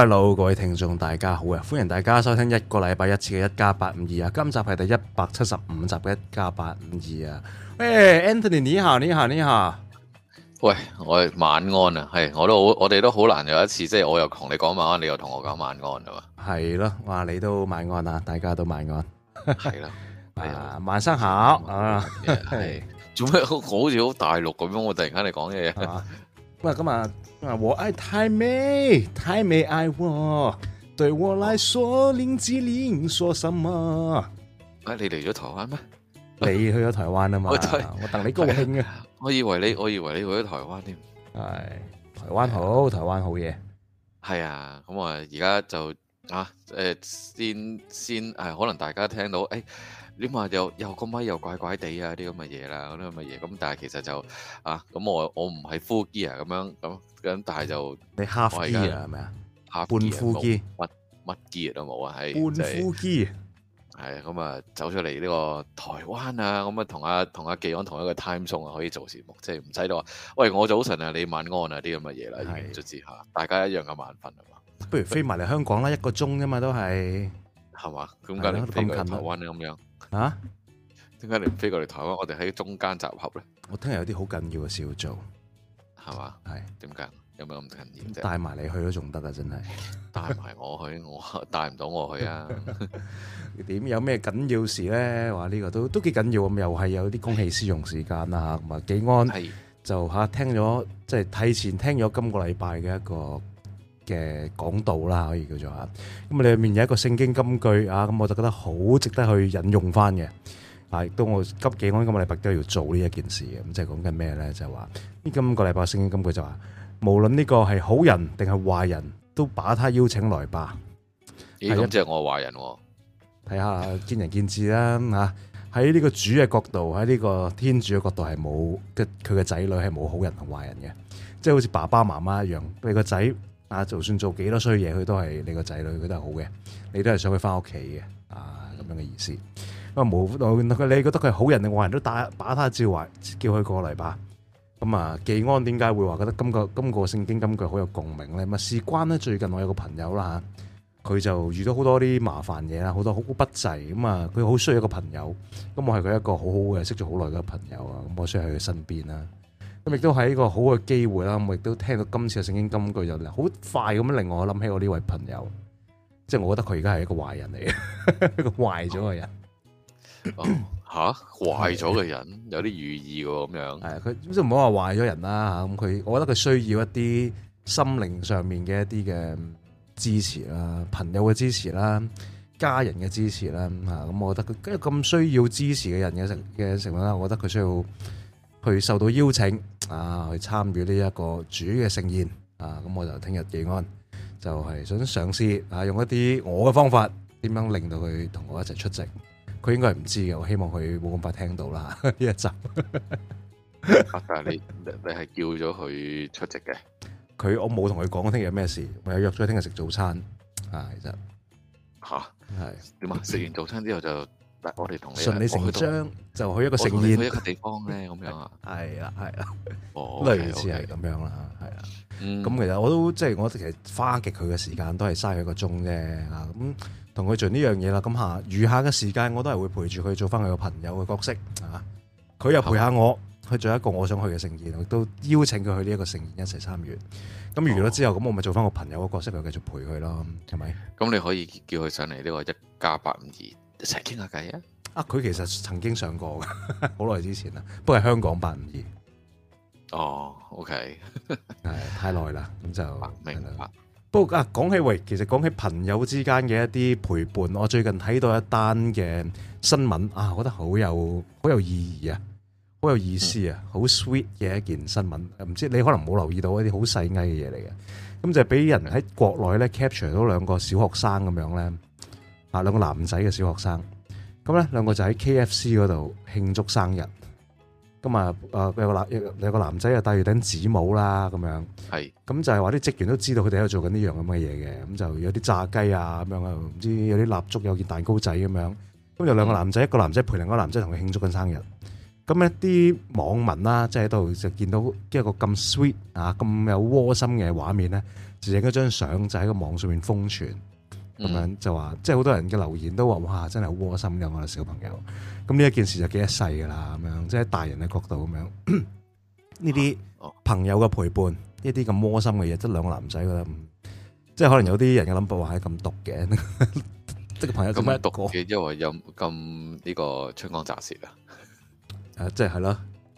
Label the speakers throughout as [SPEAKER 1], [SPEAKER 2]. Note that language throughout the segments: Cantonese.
[SPEAKER 1] Hello 各位聽眾大家好啊，歡迎大家收聽一個禮拜一次嘅一家八五二啊，今集係第一百七十五集嘅一家八五二啊。
[SPEAKER 2] 喂，Anthony 你好，你好，你好。喂，我晚安啊，係，我都我哋都好難有一次，即、就、係、是、我又同你講晚安，你又同我講晚安啊嘛。
[SPEAKER 1] 係咯，哇，你都晚安啊，大家都晚安。係 咯，係啊，晚生好。啊，係。做咩？啊、 yeah, 好似
[SPEAKER 2] 好大陸咁樣，我突然間嚟講嘢。
[SPEAKER 1] 喂、啊，咁啊，我愛太美，太美愛我、哦，對我來說林志玲說什麼、
[SPEAKER 2] 啊？誒、啊，你嚟咗台灣咩？
[SPEAKER 1] 你去咗台灣啊嘛？ 我等你高興啊！
[SPEAKER 2] 我以為你，我以為你去咗台灣添，
[SPEAKER 1] 係、哎、台灣好，
[SPEAKER 2] 台灣好嘢，係啊。咁我而家就啊，誒、嗯啊呃，先先、啊、可能大家聽到誒。哎你話又又個咪又怪怪地啊啲咁嘅嘢啦，嗰啲咁嘅嘢。咁但係其實就啊，咁我我唔係 full gear 啊，咁樣咁咁，但係就
[SPEAKER 1] 你 half gear 啊，係咪啊？half、就、
[SPEAKER 2] gear、是，乜乜 gear 都冇啊？係 half gear。係咁啊，走出嚟呢、這個台灣啊，咁啊同阿同阿記安同一個 time 啊，可以做節目，即係唔使到話，喂我早晨啊， 你晚安啊啲咁嘅嘢啦，就知嚇。大家一樣嘅晚瞓係嘛？
[SPEAKER 1] 不如飛埋嚟香港啦，一個鐘啫嘛，都係係
[SPEAKER 2] 嘛？咁近咁近台灣咁、嗯、樣。啊？點解你唔飛過嚟台灣？我哋喺中間
[SPEAKER 1] 集合咧。我聽日有啲好緊要嘅事要做，係嘛？係點解？有冇咁緊要？帶埋你去都仲得啊！真係帶埋
[SPEAKER 2] 我去， 我帶唔到我去啊！
[SPEAKER 1] 點 有咩緊要的事咧？話呢、這個都都幾緊要咁，又係有啲公器私用時間啦吓。咁啊，紀安就吓、啊、聽咗，即係提前聽咗今個禮拜嘅一個嘅講道啦，可以叫做吓。咁啊，你入面有一個聖經金句啊，咁我就覺得好值得去引用翻嘅。啊，亦都我急幾安今個禮拜都要做呢一件事嘅。咁即係講緊咩咧？就話、是、呢、就是、今個禮拜聖經金句就話，無論呢個係好人定係壞人都把他邀請來吧。
[SPEAKER 2] 咁、欸、即係我壞人喎、
[SPEAKER 1] 啊。睇下見仁見智啦嚇。喺呢個主嘅角度，喺呢個天主嘅角度係冇佢嘅仔女係冇好人同壞人嘅，即、就、係、是、好似爸爸媽媽一樣，你個仔。啊！就算做幾多衰嘢，佢都係你個仔女，佢都係好嘅，你都係想佢翻屋企嘅啊！咁樣嘅意思。啊，無你覺得佢係好人，定壞人都打把他照喚，叫佢過嚟吧。咁啊，紀安點解會話覺得今個今個聖經金句好有共鳴咧？咪事關咧最近我有個朋友啦嚇，佢就遇到好多啲麻煩嘢啦，好多好不濟咁啊，佢好需要一個朋友。咁我係佢一個好好嘅識咗好耐嘅朋友啊，咁我需要喺佢身邊啦。咁亦都係一個好嘅機會啦！我亦都聽到今次嘅聖經金句就好快咁樣令我諗起我呢位朋友，即係我覺得佢而家係一個壞人嚟，一個壞咗嘅人。
[SPEAKER 2] 哦、啊，嚇、啊！壞咗嘅人 有啲寓
[SPEAKER 1] 意喎，咁樣。係，佢即係唔好話壞咗人啦嚇。咁佢，我覺得佢需要一啲心靈上面嘅一啲嘅支持啦，朋友嘅支持啦，家人嘅支持啦嚇。咁我覺得佢今日咁需要支持嘅人嘅食嘅食物啦，我覺得佢需要去受到邀請。啊，去參與呢一個主嘅盛宴，啊，咁我就聽日夜安就係想嘗試啊，用一啲我嘅方法點樣令到佢同我一齊出席。佢應該係唔知嘅，我希望佢冇咁快聽到啦。呢一集，阿 s 但你
[SPEAKER 2] 你係叫咗佢出席嘅？
[SPEAKER 1] 佢，我冇同佢講聽日有咩事，我有約咗佢聽日食早餐啊。其實嚇係
[SPEAKER 2] 點啊？食完早餐之後就。 我哋同你，順理成章去就去一個盛宴，去一個地方咧，
[SPEAKER 1] 咁樣係啊係啊， oh, okay, 類似係咁樣啦，係啊。咁、okay, okay. 嗯、其實我都即係、就是、我其實花極佢嘅時間、嗯、都係嘥佢一個鐘啫。咁同佢做呢樣嘢啦，咁下餘下嘅時間我都係會陪住佢做翻佢個朋友嘅角色啊。佢、嗯、又陪下我去做一個我想去嘅盛宴，我都邀請佢去呢一個盛宴一齊參與。咁完咗之後，咁我咪做翻個朋友嘅角色，又繼續陪佢咯，係咪？
[SPEAKER 2] 咁你可以叫佢上嚟呢、這個一家
[SPEAKER 1] 八五二。一齊傾下
[SPEAKER 2] 偈
[SPEAKER 1] 啊！啊，佢其實曾經上過嘅，好耐之前啦，不過係香講852。哦、
[SPEAKER 2] oh,，OK，
[SPEAKER 1] 誒， 太耐啦，咁就
[SPEAKER 2] 明白，白。
[SPEAKER 1] 不過啊，講起喂，其實講起朋友之間嘅一啲陪伴，我最近睇到一單嘅新聞啊，我覺得好有好有意義啊，好有意思啊，好、嗯、sweet 嘅一件新聞。唔知你可能冇留意到一啲好細微嘅嘢嚟嘅，咁就係俾人喺國內咧 capture 到兩個小學生咁樣咧。啊，兩個男仔嘅小學生，咁咧兩個就喺 KFC 嗰度慶祝生日，咁啊誒，有個男有個男仔又戴住頂紙帽啦，咁樣，係，咁就係話啲職員都知道佢哋喺度做緊呢樣咁嘅嘢嘅，咁就有啲炸雞啊，咁樣，唔知有啲蠟燭，有，有件蛋糕仔咁樣，咁有兩個男仔、嗯，一個男仔陪另一個男仔同佢慶祝緊生日，咁一啲網民啦、啊，即係喺度就見到一個咁 sweet 啊，咁有窩心嘅畫面咧，就影咗張相就喺個網上面瘋傳。咁、嗯、樣就話，即係好多人嘅留言都話，哇，真係好窩心，有我哋小朋友。咁呢一件事就記一世噶啦，咁樣，即係大人嘅角度，咁樣呢啲朋友嘅陪伴，一啲咁窩心嘅嘢，即係兩個男仔覺得，即係可能有啲人嘅諗法話係咁毒嘅，嗯、 即係朋友咁
[SPEAKER 2] 樣毒嘅，因為有咁呢個春光乍洩
[SPEAKER 1] 啊。即係係咯，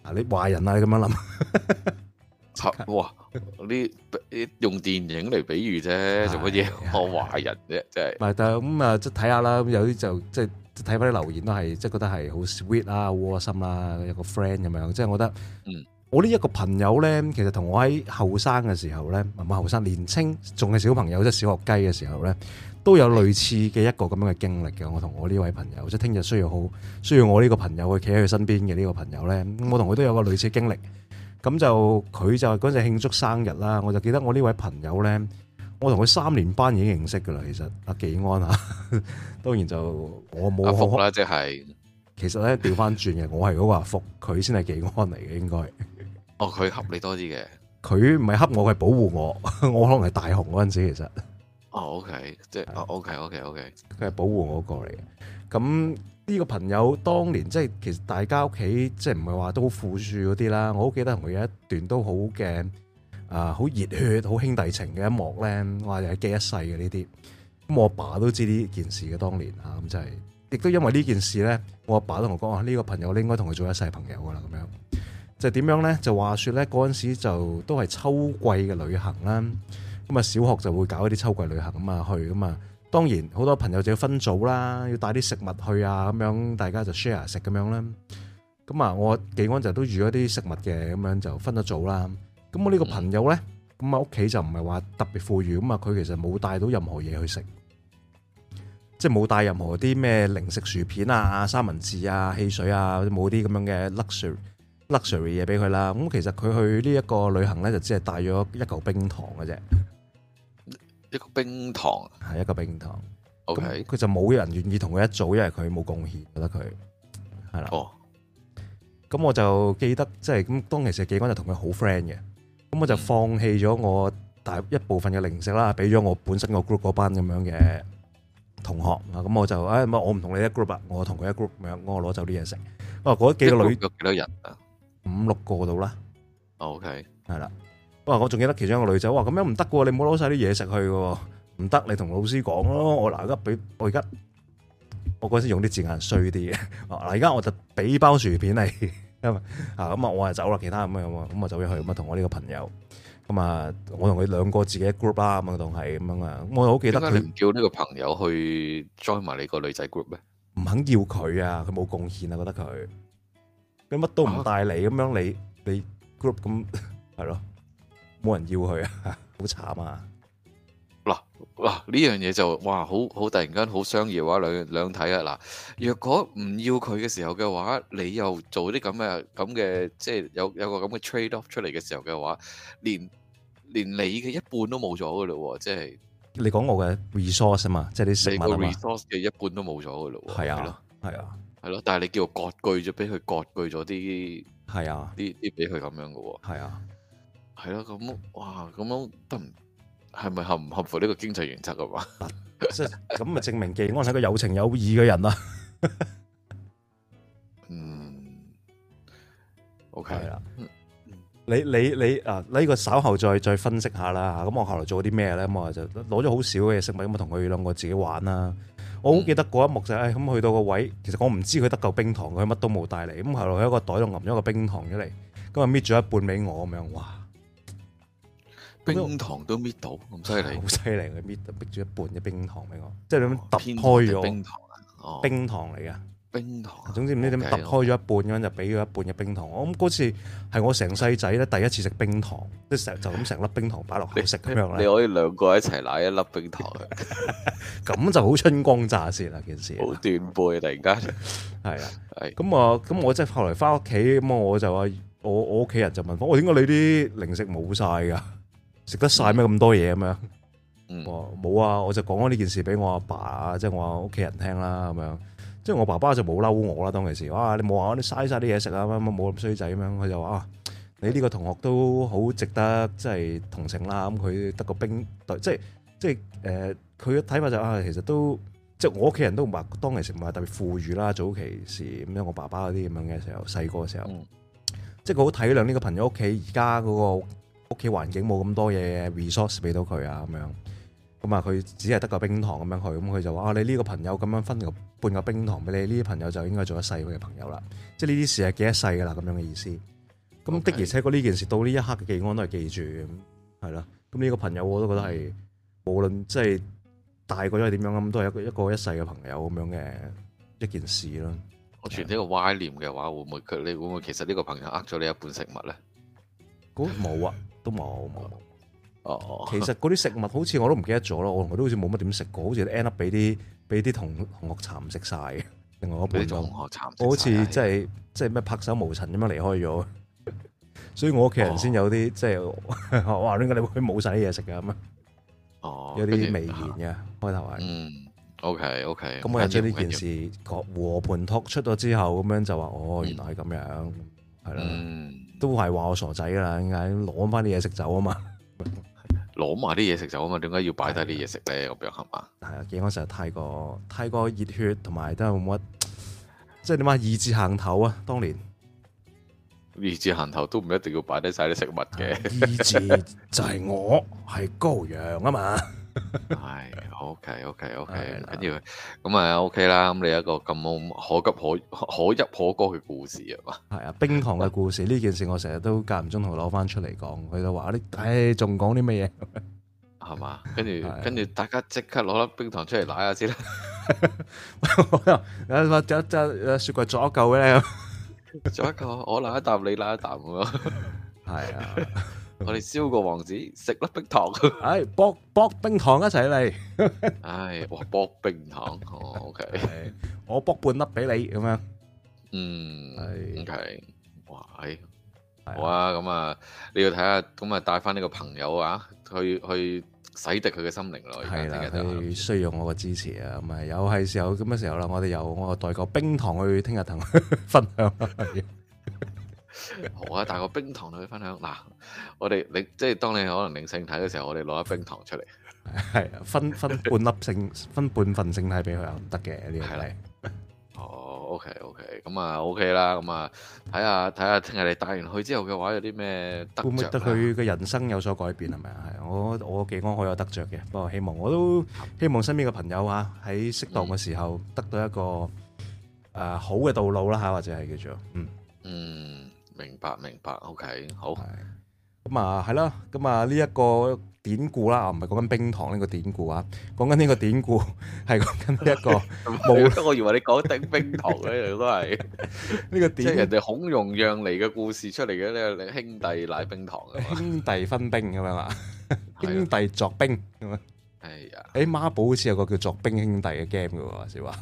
[SPEAKER 1] 啊，你壞人啊，你咁樣諗、
[SPEAKER 2] 啊，哇！呢 用電影嚟比喻啫，做乜嘢？我華人啫，
[SPEAKER 1] 真係。唔係，但咁啊，即係睇下啦。咁有啲就即係睇翻啲留言都係，即係覺得係好 sweet 啦、窩心啦，一個 friend 咁樣。即係我覺得，嗯，我呢一個朋友咧，其實同我喺後生嘅時候咧，唔係後生，年青，仲係小朋友，即係小學雞嘅時候咧，都有類似嘅一個咁樣嘅經歷嘅。我同我呢位朋友，即係聽日需要好需要我呢個朋友去企喺佢身邊嘅呢個朋友咧，我同佢都有個類似經歷。咁就佢就嗰陣時慶祝生日啦，我就記得我呢位朋友咧，我同佢三年班已經認識噶啦，其實阿幾安啊，當然就我冇阿福啦，即係其實咧調翻轉嘅，我係嗰個阿福，佢先係幾安嚟嘅應該。
[SPEAKER 2] 哦，佢恰你多啲嘅，
[SPEAKER 1] 佢唔係恰我，係保護我，我可能係大雄嗰陣時其實。哦，OK，即係，OK，OK，OK，okay, okay, okay. 佢係保護我個嚟嘅，咁。呢、這個朋友當年即係其實大家屋企即係唔係話都好富庶嗰啲啦，我好記得同佢有一段都好嘅啊，好、呃、熱血、好兄弟情嘅一幕咧、嗯。我話又係記一世嘅呢啲。咁我阿爸都知呢件事嘅當年嚇，咁、啊、就係、是、亦都因為呢件事咧，我阿爸都同我講話呢個朋友，你應該同佢做一世朋友噶啦咁樣。就點、是、樣咧？就話說咧，嗰陣時就都係秋季嘅旅行啦。咁、嗯、啊，小學就會搞一啲秋季旅行啊嘛、嗯，去啊嘛。嗯當然好多朋友就要分組啦，要帶啲食物去啊，咁樣大家就 share 食咁樣啦。咁啊，我幾安就都預咗啲食物嘅，咁樣就分咗組啦。咁我呢個朋友咧，咁啊屋企就唔係話特別富裕咁啊，佢其實冇帶到任何嘢去食，即係冇帶任何啲咩零食、薯片啊、三文治啊、汽水啊，冇啲咁樣嘅 luxury luxury 嘢俾佢啦。咁其實佢去呢一個旅行咧，就只係帶咗一嚿冰糖嘅啫。
[SPEAKER 2] 一個冰糖
[SPEAKER 1] 係一個冰糖，OK，佢就冇人願意同佢一組，因為佢冇貢獻，覺得佢係啦。咁、哦、我就記得，即係咁當其時官，紀光就同佢好 friend 嘅，咁我就放棄咗我大一部分嘅零食啦，俾咗我本身個 group 嗰班咁樣嘅同學啊，咁我就誒、哎，我唔同你一 group 啊，我同佢一 group，咁樣我攞走啲嘢食。哇，嗰幾個女幾多人啊？五六個度啦。OK，係啦。我我仲記得其中一個女仔，話咁樣唔得嘅喎，你唔好攞晒啲嘢食去嘅喎，唔得，你同老師講咯。我嗱而家俾我而家，我嗰陣時用啲字眼衰啲嘅。嗱而家我就俾包薯片你，啊咁啊，我啊走啦，其他咁樣咁啊，咁啊走咗去咁啊，同我呢個朋友咁啊，我同佢兩個自己 group 啊咁啊，仲係咁樣啊。我好記得佢唔
[SPEAKER 2] 叫呢個朋友去 join 埋你個女仔
[SPEAKER 1] group 咩？唔肯要佢啊，佢冇貢獻啊，覺得佢咩乜都唔帶嚟，咁樣你你 group 咁係咯。冇人要佢啊，好慘啊！
[SPEAKER 2] 嗱嗱呢樣嘢就哇好好突然間好商業話兩兩睇啊！嗱，若果唔要佢嘅時候嘅話，你又做啲咁嘅咁嘅，即係有有個咁嘅 trade off 出嚟嘅時候嘅話，連連你嘅一半都冇咗噶啦，即係
[SPEAKER 1] 你講我嘅 resource 啊嘛，即係你四個
[SPEAKER 2] resource 嘅一半都冇咗噶啦，係啊，係啊，係咯，啊啊啊，但係你叫割據咗俾佢割據咗啲，係啊，啲啲俾佢咁樣噶，係啊。係咯，咁哇，咁樣得唔係咪合唔合乎呢個經濟原則噶嘛？
[SPEAKER 1] 即係咁啊，證明技安係個有情有義嘅人啦。嗯，OK 啦。你你你啊，呢個稍後再再分析下啦。咁我後來做咗啲咩咧？咁啊就攞咗好少嘅嘢食物，咁啊同佢兩個自己玩啦。我好記得嗰一幕就係誒，咁去到個位，其實我唔知佢得嚿冰糖，佢乜都冇帶嚟。咁後來佢喺一個袋度揞咗個冰糖出嚟，咁啊搣咗一半俾我咁樣，哇！冰糖都搣到咁犀利，好犀利佢搣，逼咗一半嘅冰糖俾我，即係點樣揼開咗冰糖、哦、冰糖嚟噶，冰糖，總之唔知點揼、okay. 開咗一半，咁樣就俾咗一半嘅冰糖。我諗嗰次係我成世仔咧，第一次食冰糖，即係食就咁成粒冰糖，擺落去食咁樣咧。你可
[SPEAKER 2] 以兩個一齊拿一粒冰
[SPEAKER 1] 糖，咁 就好春光乍泄啦！ 件事好斷背突然間， 係、哎、啊、係、嗯。咁我咁我即係後來翻屋企，咁我我就啊，我我屋企人就問我：點解你啲零食冇晒噶？食得晒咩咁多嘢咁樣？冇、嗯、啊，我就講咗呢件事俾我阿爸，爸，即、就、係、是、我阿屋企人聽啦咁樣。即係我爸爸就冇嬲我啦，當其時。哇，你冇話你嘥晒啲嘢食啊，咁樣冇咁衰仔咁樣。佢就話啊，你呢個同學都好值得即係同情啦。咁、嗯、佢得個兵，即係即係誒，佢嘅睇法就啊、是，其實都即係我屋企人都唔係，當其時唔係特別富裕啦。早期時咁樣，我爸爸嗰啲咁樣嘅時候，細個嘅時候，嗯、即係佢好體諒呢個朋友屋企而家嗰、那個。屋企環境冇咁多嘢 resource 俾到佢啊，咁樣咁啊，佢只係得個冰糖咁樣去，咁佢就話啊，你呢個朋友咁樣分個半個冰糖俾你，你呢啲朋友就應該做一世佢嘅朋友啦，即係呢啲事係記一世噶啦，咁樣嘅意思。咁的而且確呢件事到呢一刻嘅記安都係記住，係啦。咁呢個朋友我都覺得係無論即係大個咗係點樣，咁都係一個一個一世嘅朋友咁樣嘅一件事咯。
[SPEAKER 2] 我傳呢個歪念嘅話，會唔會你會唔會其實呢個朋友呃咗你一半食物
[SPEAKER 1] 咧？冇啊。 都冇冇哦，其實嗰啲食物好似我都唔記得咗咯，我同佢都好似冇乜點食過，好似 end up 俾啲俾啲同同學蠶食晒另外一半咯，我好似即係真係咩拍手無塵咁樣離開咗，所以我屋企人先有啲即係哇點解你會冇晒啲嘢食嘅咁啊？哦，有啲微言嘅開頭係，OK OK，咁、okay, 嗯、我又將呢件事、嗯、和盤托出咗之後，咁樣就話哦、嗯，原來係咁樣，係、嗯、啦。都係話我傻仔噶啦，點解攞翻啲嘢食走啊嘛？攞埋
[SPEAKER 2] 啲嘢食走啊嘛？點解要擺低啲嘢食咧？咁樣係嘛？
[SPEAKER 1] 係啊，警方成日太過太過熱血，同埋都係冇乜，即係點解二字行頭啊，當年
[SPEAKER 2] 二字行頭都唔一定要擺低晒啲食物嘅，啊。二字就係
[SPEAKER 1] 我係羔 羊啊嘛！
[SPEAKER 2] 係，OK，OK，OK，跟住咁啊，OK 啦、OK, OK。咁、OK、你一個咁可急可可入可歌嘅故事啊嘛。
[SPEAKER 1] 係啊，冰糖嘅故事呢件事我常常、哎， 我成日都間唔中同攞翻出嚟講。佢就話：，你誒，仲講啲乜嘢？係
[SPEAKER 2] 嘛？跟住跟住，大家即刻攞粒冰糖出嚟舐下
[SPEAKER 1] 先啦。誒，話就就誒，雪櫃左一舊咧，左一
[SPEAKER 2] 舊，我舐一啖，你舐一啖咯。係啊。我哋燒個王子，食粒冰糖。哎，
[SPEAKER 1] 博博冰糖一齊嚟。
[SPEAKER 2] 哎，哇，博冰糖，哦，OK，
[SPEAKER 1] 我博半粒俾你咁樣。嗯，OK，哇，係，
[SPEAKER 2] 好啊，咁啊，你要睇下，咁啊，帶翻呢個朋友啊，去去洗滌佢嘅心靈咯。
[SPEAKER 1] 係啦，佢需要我嘅支持啊，咁啊，又係時候咁嘅時候啦。我哋又我代個冰糖去聽日同佢分享。
[SPEAKER 2] 好啊，帶個冰糖同佢分享嗱、啊，我哋你即係當你可能領聖體嘅時候，我哋攞一冰糖出嚟，
[SPEAKER 1] 係啊，分分半粒聖，分半份聖體俾佢啊，得嘅呢樣你。
[SPEAKER 2] 哦，OK OK，咁啊 OK 啦，咁啊睇下睇下聽日你帶完去之後嘅話，有啲咩得唔得？佢
[SPEAKER 1] 嘅人生有所改變係咪啊？係我我幾安好有得着嘅，不過希望我都希望身邊嘅朋友啊，喺適當嘅時候得到一個誒、嗯呃、好嘅道路啦吓，或者係叫做嗯嗯。嗯明白明白，OK 好。咁啊，係啦，咁啊呢一個典故啦，啊唔係講緊冰糖呢個典故啊，講緊呢個典故係講緊一個冇，我以
[SPEAKER 2] 為你講頂冰糖咧，都係呢個典，即係人哋孔融讓梨嘅故事出嚟嘅咧，兄弟奶冰糖嘅
[SPEAKER 1] 嘛，兄弟分冰咁樣啊，兄弟作冰咁樣啊，哎呀，哎孖寶好似有個叫做冰兄弟嘅 game 㗎喎，話時話，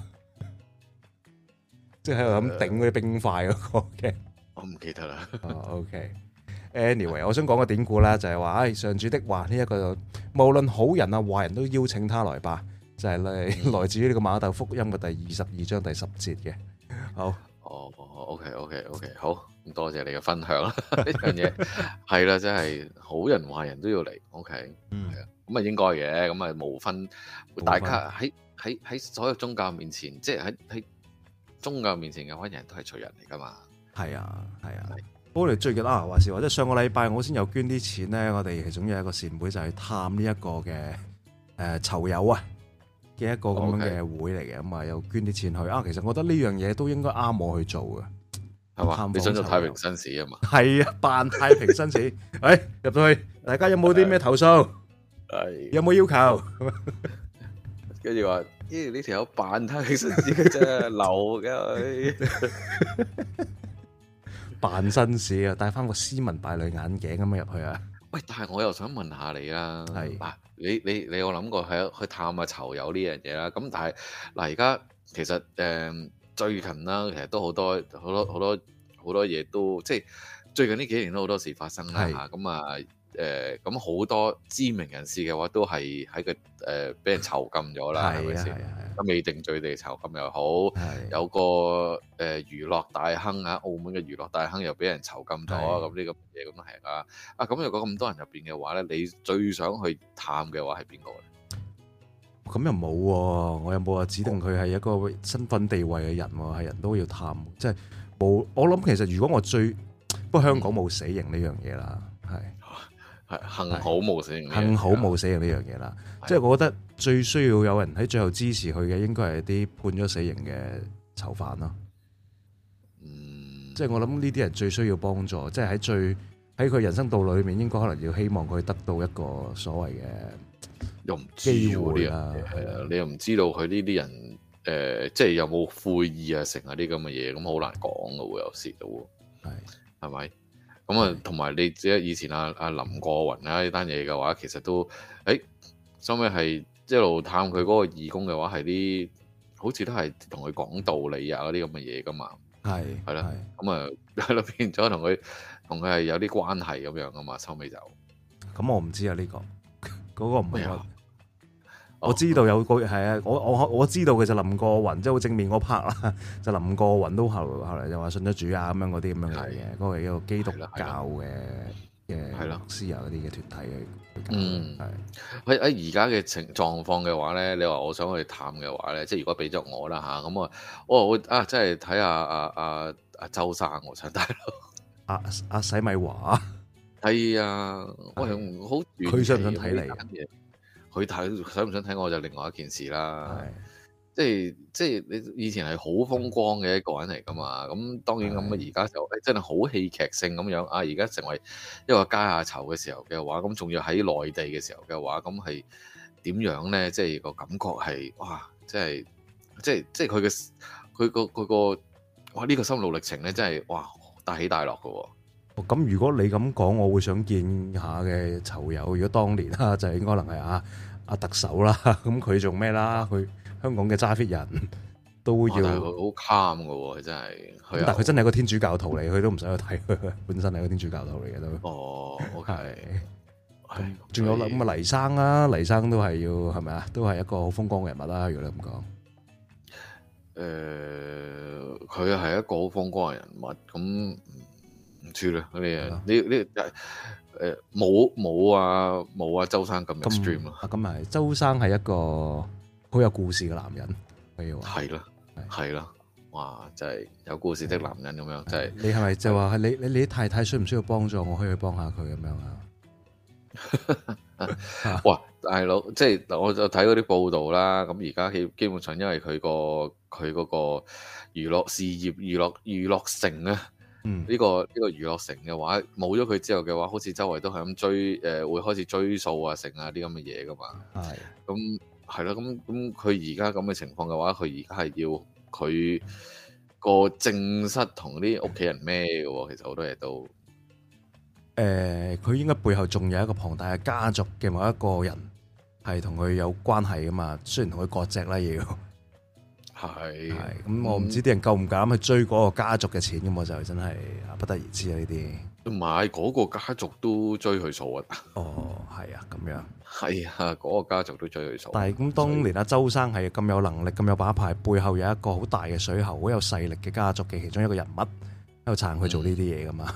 [SPEAKER 1] 即係喺度噉頂嗰啲冰塊嗰個 game。我唔記得啦。 oh, OK，anyway，、okay. 我想講個典故啦，就係話，哎，上主的話呢一、這個，無論好人啊壞人都邀請他來吧，就係、是、嚟來自於呢個馬竇福音嘅第二十二章第十節嘅。好，
[SPEAKER 2] 哦、oh, 哦，OK OK OK，好，咁多謝你嘅分享啦。呢樣嘢係啦，真、就、係、是、好人壞人都要嚟。OK，係、mm. 啊，咁啊應該嘅，咁啊無分，無分大家喺喺喺所有宗教面前，即係喺喺宗教面前嘅壞人都係罪人嚟㗎嘛。
[SPEAKER 1] 係啊，係啊，不過你最近啊，話事或者上個禮拜我先有捐啲錢咧，我哋其中有一個善會就係探呢、呃、一個嘅誒囚友啊嘅一個咁樣嘅會嚟嘅，咁啊又捐啲錢去啊，其實我覺得呢樣嘢都應該啱我去做嘅，係嘛？你想做太平紳士啊嘛？係啊，扮太平紳士，誒入到去，大家有冇啲咩投訴、 哎？有冇要求？跟住話，咦呢條友扮太平紳士
[SPEAKER 2] 嘅 真係流嘅、啊。
[SPEAKER 1] 扮紳士啊，戴翻個斯文敗類眼鏡咁樣入去啊！
[SPEAKER 2] 喂，但係我又想問下你啦，係嗱，你你你，有諗過係去，去探下囚友呢樣嘢啦。咁但係嗱，而家其實誒、嗯、最近啦，其實都好多好多好多好多嘢都即係最近呢幾年都好多事發生啦。咁啊～誒咁好多知名人士嘅話都，都係喺個誒俾人囚禁咗啦，係咪先？咁、啊啊、未定罪地囚禁又好，啊、有個誒娛樂大亨啊，澳門嘅娛樂大亨又俾人囚禁咗，咁呢個嘢咁係啦。啊咁，如果咁多人入邊嘅話咧，你最想去探嘅話係邊個咧？
[SPEAKER 1] 咁又冇喎、啊，我又冇話指定佢係一個身份地位嘅人喎、啊，係人都要探，即係冇。我諗其實如果我最不過香港冇死刑呢樣嘢啦。
[SPEAKER 2] 係幸好冇死刑呢樣嘢，幸好冇死
[SPEAKER 1] 刑呢樣嘢啦。即係、就是、我覺得最需要有人喺最後支持佢嘅，應該係啲判咗死刑嘅囚犯咯。嗯，即、就、係、是、我諗呢啲人最需要幫助，即係喺最喺佢人生道裏面，應該可能要希望佢得到一個所謂嘅機會，又唔知啲啊。
[SPEAKER 2] 係啊，你又唔知道佢呢啲人誒，即、呃、係、就是、有冇悔意啊，成啊啲咁嘅嘢，咁好難講噶喎，有時噶喎。係，係咪？咁、嗯、啊，同埋你即係以前阿阿林過雲啊呢單嘢嘅話，其實都誒收尾係一路探佢嗰個義工嘅話係啲，好似都係同佢講道理啊嗰啲咁嘅嘢噶嘛，係係啦，咁啊喺度變咗同佢同佢係有啲關係咁樣噶嘛收尾就，
[SPEAKER 1] 咁我唔知啊呢個、嗰個唔係、啊。我知道有個係、oh. 啊，我我我知道嘅就林過雲，即、就、係、是、好正面嗰 part 啦， 就林過雲都後後嚟就話信咗主啊咁樣嗰啲咁樣嘅嘢，嗰個一個基督教嘅嘅係咯，私人嗰啲嘅團體嘅，嗯係
[SPEAKER 2] 喺喺而家嘅情狀況嘅話咧，你話我想去探嘅話咧，即係如果俾咗我啦吓。咁啊，我啊即係睇下阿阿阿周生我想睇
[SPEAKER 1] 阿阿洗米華，
[SPEAKER 2] 係啊，我好佢想唔想睇你？ 佢睇想唔想睇我就另外一件事啦，即係即係你以前係好風光嘅一個人嚟噶嘛，咁當然咁啊而家就真係好戲劇性咁樣啊，而家成為一個階下囚嘅時候嘅話，咁仲要喺內地嘅時候嘅話，咁係點樣咧？即係個感覺係哇，即係即係即係佢嘅佢個佢個哇呢個心路歷程咧，真係哇大起大落個喎。
[SPEAKER 1] 咁、哦、如果你咁講，我會想見下嘅囚友。如果當年啦，可就應該能係啊啊特首啦。咁、啊、佢做咩啦？佢香港嘅揸 fit 人都要
[SPEAKER 2] 好 calm 噶喎！真係，但佢真係一
[SPEAKER 1] 個天主教徒嚟，佢都唔使去睇佢本身係一個天主教徒嚟嘅都。哦，OK，係。仲、哎嗯、有啦，咁、okay，啊黎生啦、啊。黎生都係要係咪啊？都係一個好風光嘅人物啦、啊。如果你咁講，
[SPEAKER 2] 誒、呃，佢係一個好風光嘅人物咁，啦，嗰啲啊，你呢誒，冇冇啊，冇啊，周生咁 extreme
[SPEAKER 1] 啊，咁係，周生係一個好有故事嘅男人，係咯，
[SPEAKER 2] 係咯，哇，就係有故事的男人咁樣，啊啊啊有啊啊、是是就係、
[SPEAKER 1] 啊、你係咪就話係你你你太太需唔需要幫助我，我可以去幫下佢咁樣啊？
[SPEAKER 2] 哇，大佬，即、就、係、是、我就睇嗰啲報道啦，咁而家基基本上因為佢、嗰個佢嗰個娛樂事業、娛樂娛樂城啊。嗯、呢、這個呢、這個娛樂城嘅話冇咗佢之後嘅話，好似周圍都係咁追，誒、呃、會開始追數啊、成啊啲咁嘅嘢噶嘛。係，咁係咯，咁咁佢而家咁嘅情況嘅話，佢而家係要佢個正室同啲屋企人咩嘅？其實好多嘢都，
[SPEAKER 1] 誒、呃、佢應該背後仲有一個龐大嘅家族嘅某一個人係同佢有關係噶嘛。雖然同佢割蓆啦要。 係，咁、嗯嗯、我唔知啲人夠唔夠膽去追嗰個家族嘅錢，咁我就真係不得而知啊！呢啲
[SPEAKER 2] 唔係嗰個家族都追佢數啊！哦，係啊，咁樣係啊，嗰、那個家族都追佢數。但係
[SPEAKER 1] 咁、嗯、當年阿周生係咁有能力、咁有把牌，背後有一個好大嘅水喉、好有勢力嘅家族嘅其中一個人物喺度撐佢做呢啲嘢噶嘛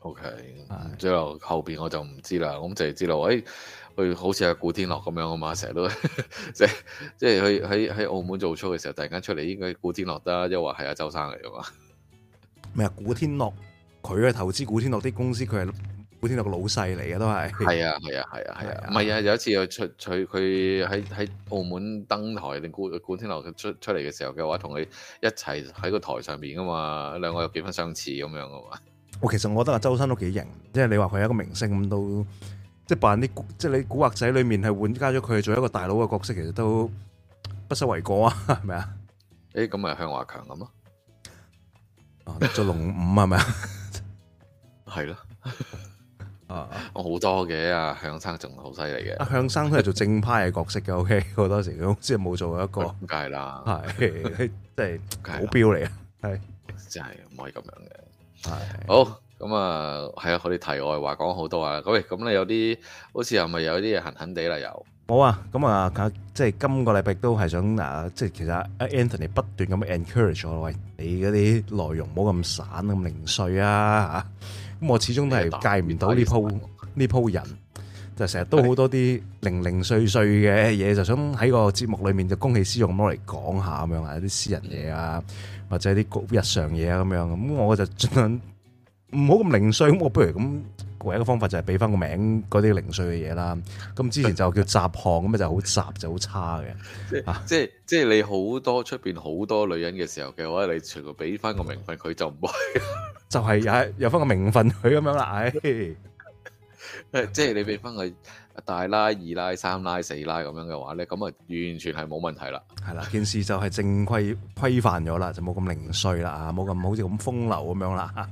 [SPEAKER 1] ？O K，
[SPEAKER 2] 最後後邊我就唔知啦，咁就係知道。佢好似阿古天樂咁樣啊嘛，成日都即係即係喺喺澳門做 show 嘅時候，突然間出嚟，應該古天樂得，又話係阿周生嚟啊嘛。
[SPEAKER 1] 唔係啊，古天樂佢係投資古天樂啲公司，佢係古天樂個老細嚟嘅都係。係啊係啊係啊係啊，唔係啊，啊，啊，
[SPEAKER 2] 啊，啊，有一次佢出出佢喺喺澳門登台，古古天樂出出嚟嘅時候嘅話，同佢一齊喺個台上面噶嘛，兩個有幾分相似咁樣噶嘛。
[SPEAKER 1] 我其實我覺得阿周生都幾型，即係你話佢係一個明星咁都。即係扮啲即係你古惑仔裏面係換加咗佢做一個大佬嘅角色，其實都不失為過、欸、啊，係咪啊？誒 是吧，咁
[SPEAKER 2] 咪向華強咁
[SPEAKER 1] 咯，啊做龍五係咪啊？係咯，
[SPEAKER 2] 啊我好多嘅啊向生仲好犀利嘅，啊向生都係
[SPEAKER 1] 做正派嘅角色嘅 ，OK 好多時都先係冇做一個，係啦，係即係保鏢嚟嘅，係真係唔可以咁樣
[SPEAKER 2] 嘅，係好。咁啊，係啊，我哋題外話講好多啊。咁，咁你有啲好似係咪有啲嘢痕痕地啦？有
[SPEAKER 1] 冇啊？咁啊，即係今個禮拜都係想啊，即係其實 Anthony 不斷咁 encourage 我，喂，你嗰啲內容冇咁散咁零碎啊。咁我始終都係戒唔到呢鋪呢鋪人，就成日都好多啲零零碎碎嘅嘢，就想喺個節目裏面就公器私用攞嚟講下咁樣啊，啲私人嘢啊，或者啲日常嘢啊咁樣。咁我就盡量。唔好咁零碎，咁我不如咁唯一嘅方法就係俾翻個名嗰啲零碎嘅嘢啦。咁之前就叫雜項，咁啊就好雜，就好差嘅。
[SPEAKER 2] 即係、啊、即係你好多出邊好多女人嘅時候嘅話，你全部俾翻個名份，佢、嗯、就唔係，
[SPEAKER 1] 就係、是、有有翻個名份佢咁樣啦。唉、哎，
[SPEAKER 2] 即係你俾翻佢大拉二拉三拉四拉咁樣嘅話咧，咁啊完全係冇問題啦，
[SPEAKER 1] 係啦，件事就係正規規範咗啦，就冇咁零碎啦，啊，冇咁好似咁風流咁樣啦。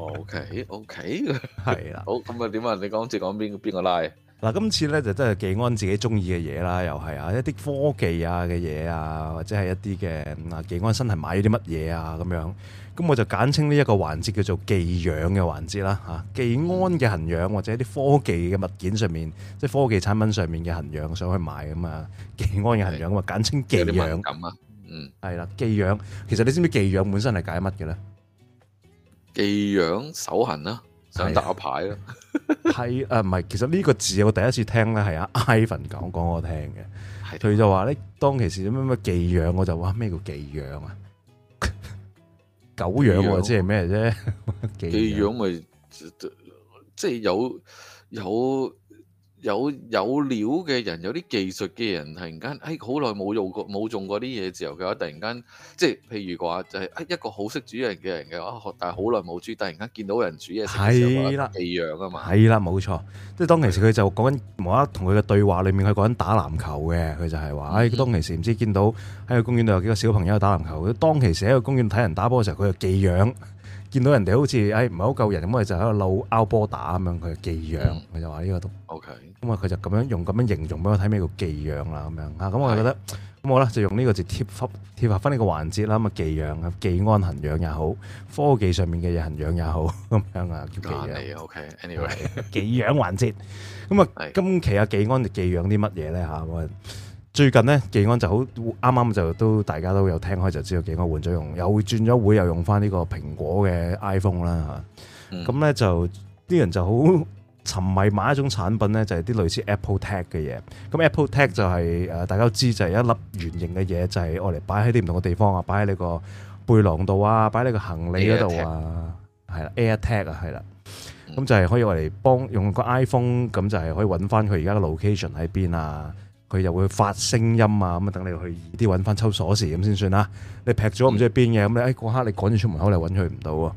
[SPEAKER 2] O K O K，係啦。好，咁啊點啊？你講即講邊邊個拉？
[SPEAKER 1] 嗱，今次咧就真係紀安自己中意嘅嘢啦，又係啊，一啲科技啊嘅嘢啊，或者係一啲嘅啊，紀安新係買咗啲乜嘢啊咁樣。咁我就簡稱呢一個環節叫做技癢嘅環節啦。吓，紀安嘅痕癢或者一啲科技嘅物件上面，即係科技產品上面嘅痕癢想去買咁啊，紀安嘅痕癢啊，簡稱技癢。咁啊，嗯，係啦，技癢。其實你知唔知技癢本身係解乜嘅咧？
[SPEAKER 2] 技癢手痕啦，想打牌啦，
[SPEAKER 1] 係唔係？其實呢個字我第一次聽咧，係阿 Ivan 講講我聽嘅，佢就話咧，當其時點咩乜技癢，我就話咩叫技癢啊，技癢即係咩啫？技癢
[SPEAKER 2] 咪即係有有。有有有料嘅人，有啲技術嘅人，突然間，哎，好耐冇用過冇用過啲嘢時候嘅話，突然間，即係譬如嘅話，就係、哎、一個好識煮人嘅人嘅話，但係好耐冇煮，突然間見到人煮嘢食嘅時候，技癢啊嘛，係
[SPEAKER 1] 啦，冇錯。即係當其時佢就講緊，冇啦，同佢嘅對話裡面佢講打籃球嘅，佢就係話，哎，當其時唔知見到喺個公園度有幾個小朋友打籃球，當其時喺個公園睇人打波嘅時候，佢就技癢。見到人哋好似誒唔係好夠人咁啊，就喺度撈 outboard 打咁樣，佢就技癢，佢、嗯、就話呢、呢個都 OK，咁啊佢就咁樣用咁樣形容俾我睇咩叫技癢啦咁樣嚇，咁我覺得咁我咧就用呢個字貼合貼合翻呢個環節啦，咁啊技癢啊技安痕癢也好，科技上面嘅嘢痕癢也好，咁樣啊叫技癢 OK。anyway 技 癢環節，咁 啊今期啊技安就技癢啲乜嘢咧嚇？最近咧，技安就好啱啱就都大家都有聽開，就知道技安換咗用，又轉咗會又用翻呢個蘋果嘅 iPhone 啦。咁咧就啲人就好沉迷買一種產品咧，就係、是、啲類似 Apple Tag 嘅嘢。咁 Apple Tag 就係、是、誒，大家都知就係一粒圓形嘅嘢，就係我嚟擺喺啲唔同嘅地方啊，擺喺你個背囊度啊，擺喺你個行李嗰度啊，係啦 Air Tag 啊，係啦。咁、嗯、就係可以我嚟幫用，幫用個 iPhone，咁就係可以搵翻佢而家嘅 location 喺邊啊。佢又會發聲音啊！咁啊，等你去啲揾翻抽鎖匙咁先算啦。你劈咗唔知喺邊嘅咁，你嗰刻你趕住出門口，你揾佢唔到喎。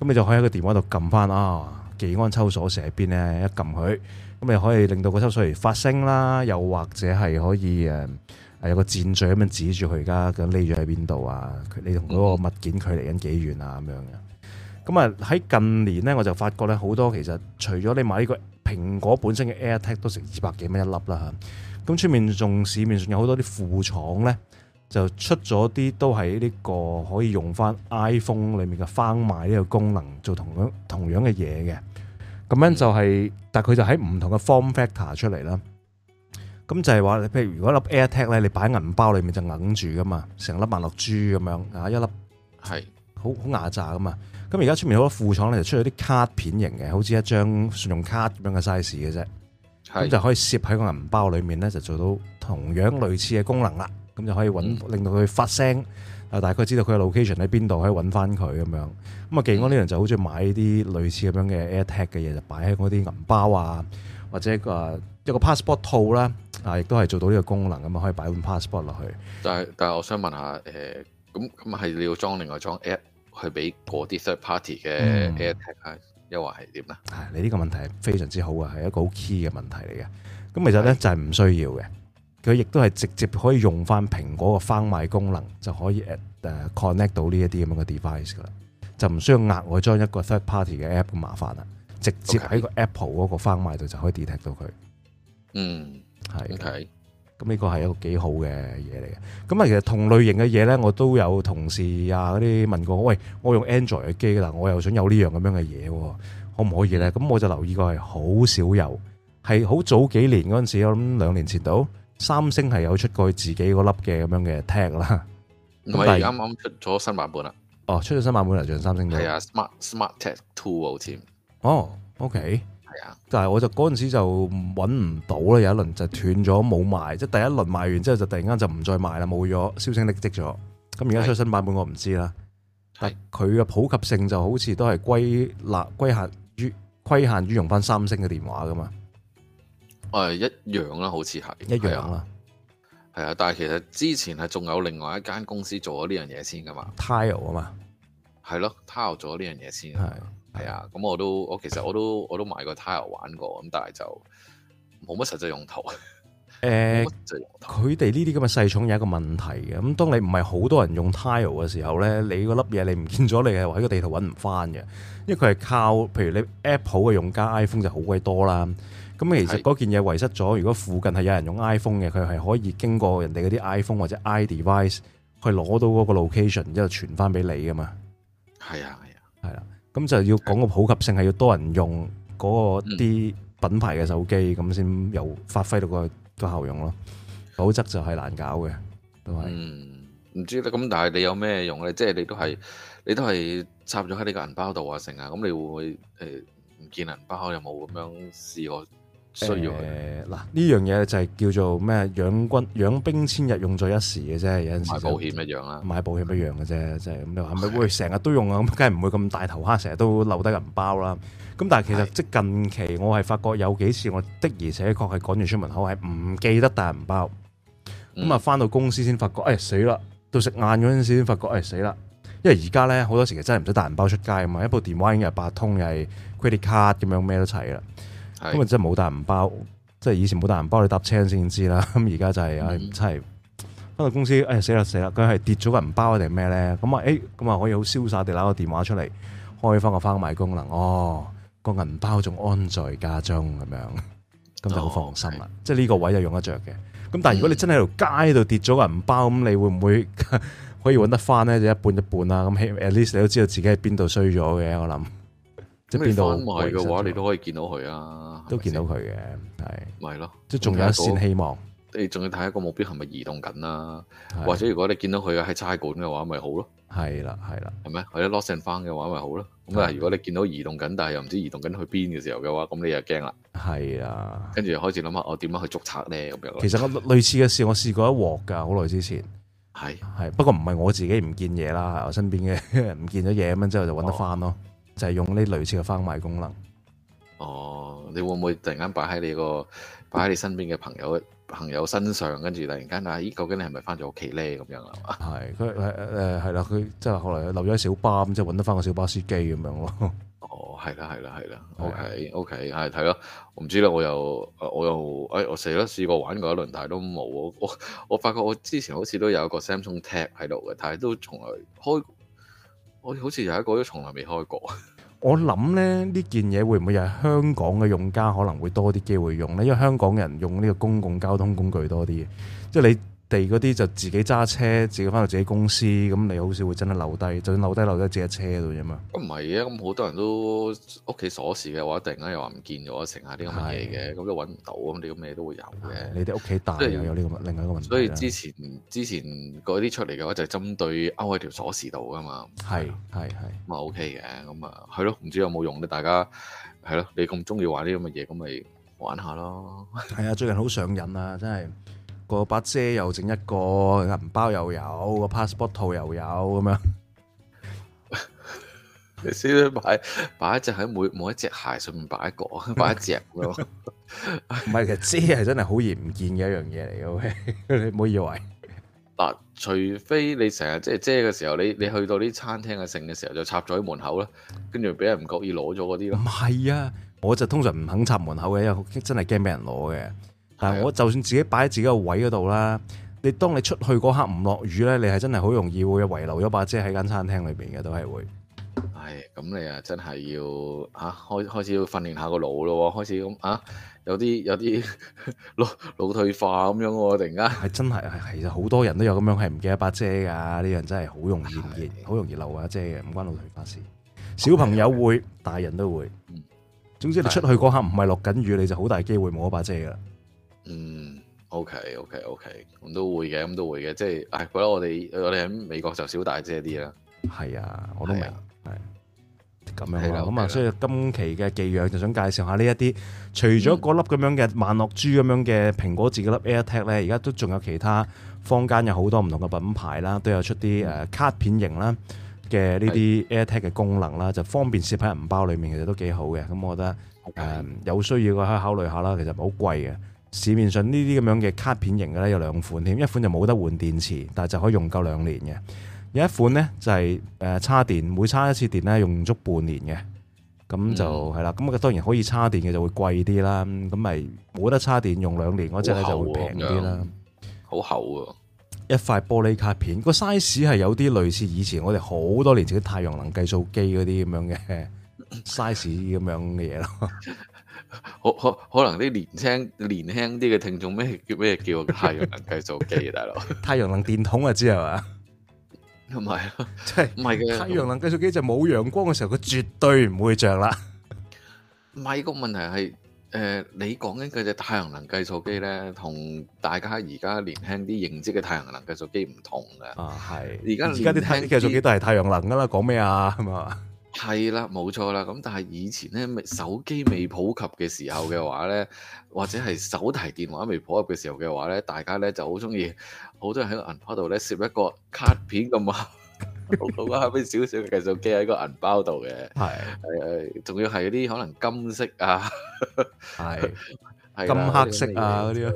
[SPEAKER 1] 咁你就可以喺個電話度撳翻啊，技安抽鎖匙喺邊呢？一撳佢咁，你可以令到個抽鎖匙發聲啦。又或者係可以誒有個箭錐咁樣指住佢而家咁匿咗喺邊度啊？你同嗰個物件距離緊幾遠啊？咁樣嘅。咁啊，喺近年呢，我就發覺咧，好多其實除咗你買呢個蘋果本身嘅 AirTag 都成二百幾蚊一粒啦。咁出面仲市面上有好多啲副廠咧，就出咗啲都係呢、這個可以用翻 iPhone 裏面嘅 Find My 呢個功能做同樣同樣嘅嘢嘅。咁樣就係、是，但係佢就喺唔同嘅 form factor 出嚟啦。咁就係話，譬如如果粒 AirTag 咧，你擺銀包裏面就揈住噶嘛，成粒萬六珠咁樣啊，一粒係好好牙渣噶嘛。咁而家出面好多副廠咧，就出咗啲卡片型嘅，好似一張信用卡咁樣嘅 size 嘅啫。咁就可以攝喺個銀包裏面咧，就做到同樣類似嘅功能啦。咁就可以揾，令到佢發聲啊、嗯，大概知道佢嘅 location 喺邊度，可以揾翻佢咁樣。咁啊，技安呢樣就好似買買啲類似咁樣嘅 air tag 嘅嘢，就擺喺嗰啲銀包啊，或者一個一個 passport 套啦啊，亦都係做到呢個功能咁啊，可以擺本 passport 落去。
[SPEAKER 2] 但係但係我想問下誒，咁咁係你要裝另外裝 app 去俾嗰啲 third party 嘅 air tag？又話
[SPEAKER 1] 係點啦？係、哎、你呢個問題係非常之好嘅，係一個好 key 嘅問題嚟嘅。咁其實咧就係、是、唔需要嘅，佢亦都係直接可以用翻蘋果個翻賣，賣功能就可以誒誒、uh, connect 到呢一啲咁樣嘅 device 噶啦，就唔需要額外裝一個 third party 嘅 app 嘅麻煩啦，Okay. 直接喺個 Apple 嗰個翻賣度就可以 detect 到佢。
[SPEAKER 2] 嗯，
[SPEAKER 1] 係。Okay. 咁呢個係一個幾好嘅嘢嚟嘅。咁啊，其實同類型嘅嘢咧，我都有同事啊嗰啲問過我，喂，我用 Android 嘅機啦，我又想有呢樣咁樣嘅嘢，可唔可以咧？咁我就留意過係好少有，係好早幾年嗰陣時，我諗兩年前到，三星係有出過自己嗰粒嘅咁樣嘅 Tag 啦。同埋而家啱
[SPEAKER 2] 啱出咗新版本啦。
[SPEAKER 1] 哦，出咗新版本就係三星嘅。係啊
[SPEAKER 2] ，Smart Smart Tag Two 好似。哦
[SPEAKER 1] ，OK。但係我就嗰陣時就搵唔到啦，有一輪就斷咗冇賣，即係第一輪賣完之後就突然間就唔再賣啦，冇咗，銷聲匿跡咗。咁而家出新版本我唔知啦。係佢嘅普及性就好似都係歸納歸限於歸限於用翻三星嘅電話噶嘛。
[SPEAKER 2] 誒、啊，一樣啦，好似係一樣啦。係啊，啊，但係其實之前係仲有另外一間公司做咗呢樣嘢先噶嘛。
[SPEAKER 1] Tile 啊嘛，
[SPEAKER 2] 係咯、啊，Tile 做咗呢樣嘢先係。係啊，咁我都我其實我都我都買過 Tile 玩過，咁但係就冇乜實際用途。誒、
[SPEAKER 1] 欸，佢哋呢啲咁嘅細廠有一個問題嘅，咁當你唔係好多人用 Tile 嘅時候咧，你嗰粒嘢你唔見咗，你係喺個地圖搵唔翻嘅，因為佢係靠，譬如你 Apple 嘅用家 iPhone 就好鬼多啦。咁其實嗰件嘢遺失咗，如果附近係有人用 iPhone 嘅，佢係可以經過人哋嗰啲 iPhone 或者 iDevice 去攞到嗰個 location，之後傳翻俾你噶嘛。係啊，係啊，係啦、啊。咁就要講個普及性，係要多人用嗰個啲品牌嘅手機，咁先有發揮到個個效用咯。否則就係難搞嘅，都係。嗯，
[SPEAKER 2] 唔知得。咁但係你有咩用咧？即係你都係你都係插咗喺你個銀包度啊，成啊。咁你會唔會、呃、唔見銀包？有冇咁樣試過？需要嗱
[SPEAKER 1] 呢樣嘢就係叫做咩？養軍養兵千日用在一時嘅啫，有陣時買保險一樣啦，買保險一樣嘅、啊、啫、嗯就是，即係咁咯。你係咪會成日都用啊？咁梗係唔會咁大頭蝦，成日都漏低銀包啦。咁但係其實即係近期我係發覺有幾次我的而且確係趕住出門口係唔記得帶銀包。咁、嗯、啊，返到公司先發覺，哎死啦！到食晏嗰陣時先發覺，哎死啦！因為而家咧好多時其實真係唔使帶銀包出街啊嘛，一部電話已經係八通又係 credit card 咁樣咩都齊啦。咁啊真係冇帶銀包，即、就、係、是、以前冇帶銀包，你搭車先知啦。咁而家就係唉真係翻到公司，唉、哎、死啦死啦，佢係跌咗個銀包定係咩咧？咁啊誒，咁啊、哎、可以好瀟灑地攞個電話出嚟，開翻個翻賣功能，哦，個銀包仲安在家中咁樣，咁就好放心啦、哦 okay。即係呢個位就用得着嘅。咁但係如果你真係喺條街度跌咗個銀包，咁你會唔會、嗯、 可以揾得翻咧？就一半一半啦。咁 at least 你都知道自己喺邊度衰咗嘅，我諗。即係邊度嘅話，你
[SPEAKER 2] 都可以見到佢啊，
[SPEAKER 1] 都見到佢嘅係，咪
[SPEAKER 2] 咯？即仲、就是、有一線希望。你仲要睇下個目標係咪移動緊啦？
[SPEAKER 1] 或者如
[SPEAKER 2] 果你見到佢喺差館嘅話，咪、就是、好咯。係啦，係啦，係咪？或者 lost and found 翻嘅話咪、就是、好咯。咁啊，如果你見到移動緊，但係又唔知移動緊去邊嘅時候嘅話，咁你又驚啦。係啊，跟住開始諗下，我點樣去捉賊咧？咁樣。其實我類
[SPEAKER 1] 似嘅事，我試過一鑊噶，好耐之前。係係，不過唔係我自己唔見嘢啦，我身邊嘅唔 見咗嘢咁樣之後就揾得翻咯。就係、是、用呢類似嘅翻賣功能。
[SPEAKER 2] 哦，你會唔會突然間擺喺你個擺喺你身邊嘅朋友朋友身上，跟住突然間啊咦？究竟你係咪翻咗屋企咧？咁樣啊？
[SPEAKER 1] 係佢誒誒係啦，佢、呃、即係後來留咗小巴咁，即係揾得翻個小巴司機咁樣咯。哦，
[SPEAKER 2] 係啦，係啦，係啦。OK，OK，係睇咯。我唔知啦，我又、哎、我又誒我成日都試過玩過一輪，但係都冇我我我發覺我之前好似都有一個 Samsung Tag 喺度嘅，但係都從來開。我好似有一個都從來未開過我想。
[SPEAKER 1] 我諗呢呢件嘢會唔會又係香港嘅用家可能會多啲機會用呢？因為香港人用呢個公共交通工具多啲，即係你。地嗰啲就自己揸車，自己翻到自己公司，咁你好少會真係留低。就算留低，留低自己車度啫嘛。
[SPEAKER 2] 唔係嘅，咁好多人都屋企鎖匙嘅話，突然間又話唔見咗，剩下啲咁嘅嘢嘅，咁就揾唔到。咁啲咁嘅嘢都會有嘅。你啲屋企大又有呢個
[SPEAKER 1] 另外一個問題。所以之
[SPEAKER 2] 前之前嗰啲出嚟嘅話，就係、是、針對勾喺條鎖匙度噶嘛。係係係咁啊 OK 嘅，咁啊係咯，唔知有冇用咧？大家係咯，你咁中意玩啲咁嘅嘢，咁咪玩下咯。
[SPEAKER 1] 係啊，最近好上癮啊，真係。個把遮又整一個，銀包又有，個 passport 套又有咁樣。
[SPEAKER 2] 你先要擺擺一隻喺每每一隻鞋上面擺一個，擺一隻咯。唔係
[SPEAKER 1] 其實遮係真係好易唔見嘅一樣嘢嚟嘅，你唔好以為。
[SPEAKER 2] 嗱，除非你成日即係遮嘅時候，你你去到啲餐廳啊剩嘅時候就插咗喺門口啦，跟住俾人唔覺意攞咗嗰啲咯。唔
[SPEAKER 1] 係啊，我就通常唔肯插門口嘅，因為真係驚俾人攞嘅。係、啊、我就算自己擺喺自己個位嗰度啦，你當你出去嗰刻唔落雨咧，你係真係好容易會遺留咗把遮喺間餐廳裏邊嘅，都係會。
[SPEAKER 2] 係、哎、咁你真係要啊，真係要吓開開始要訓練下個腦咯，開始咁吓、啊、有啲有啲腦腦退化咁樣喎、啊，突然間係
[SPEAKER 1] 真係係其實好多人都有咁樣，係唔記得把遮噶，呢樣真係好容易，好、啊、容易漏把遮嘅，唔關腦退化事。小朋友會，啊、大人都會、啊。總之你出去嗰刻唔係落緊雨，你就好大機會冇一把遮噶啦。
[SPEAKER 2] 嗯，OK，OK，OK，OK, OK, OK，咁都會嘅，咁都會嘅，即係，唉、哎，覺得我哋我哋喺美國就少打遮
[SPEAKER 1] 啲啦。係啊，我都明白。係咁、啊啊、樣啦，咁啊、okay，所以今期嘅技癢就想介紹下呢一啲，除咗嗰粒咁樣嘅萬樂珠咁樣嘅蘋果自己粒 AirTag 咧，而家都仲有其他坊間有好多唔同嘅品牌啦，都有出啲、呃、卡片型啦嘅呢啲 AirTag 嘅功能啦、啊，就方便攝喺銀包裏面，其實都幾好嘅。咁我覺得誒、呃嗯、有需要嘅可以考慮下啦。其實唔係好貴嘅。市面上呢啲咁樣嘅卡片型嘅咧有兩款添，一款就冇得換電池，但係就可以用夠兩年嘅；有一款呢，就係誒插電，每插一次電咧用足半年嘅。咁就係啦，咁、嗯、當然可以插電嘅就會貴啲啦。咁咪冇得插電用兩年嗰隻咧就會平啲啦。好厚啊！厚啊一塊玻璃卡片，個 size 係有啲類似以前我哋好多年前啲太陽能計數機嗰啲咁樣嘅 size 咁樣嘅嘢咯。
[SPEAKER 2] 可好，好可能啲年輕年輕啲嘅聽眾咩叫咩叫太陽能計數機， 大佬？
[SPEAKER 1] 太陽能電筒啊，知係嘛？唔係咯，即係唔係太陽能計數機就冇陽光嘅時候，佢絕對唔會着啦。
[SPEAKER 2] 唔係個問題係，誒、呃，你講緊嘅隻太陽能計數機咧，同大家而家年輕啲認知嘅太陽能計數機唔同嘅。啊，係。而家而家啲輕計數機
[SPEAKER 1] 都係太陽能噶啦，講咩啊？係咪？
[SPEAKER 2] 係啦，冇錯啦。咁但係以前咧，手機未普及嘅時候嘅話咧，或者係手提電話未普及嘅時候嘅話咧，大家咧就好中意，好多人喺個銀包度咧攝一個卡片咁啊，咁 啊，後邊少少嘅計數機喺個銀包度嘅，係， 誒，仲要係嗰啲可能金色啊，係， 金黑色啊嗰
[SPEAKER 1] 啲咯，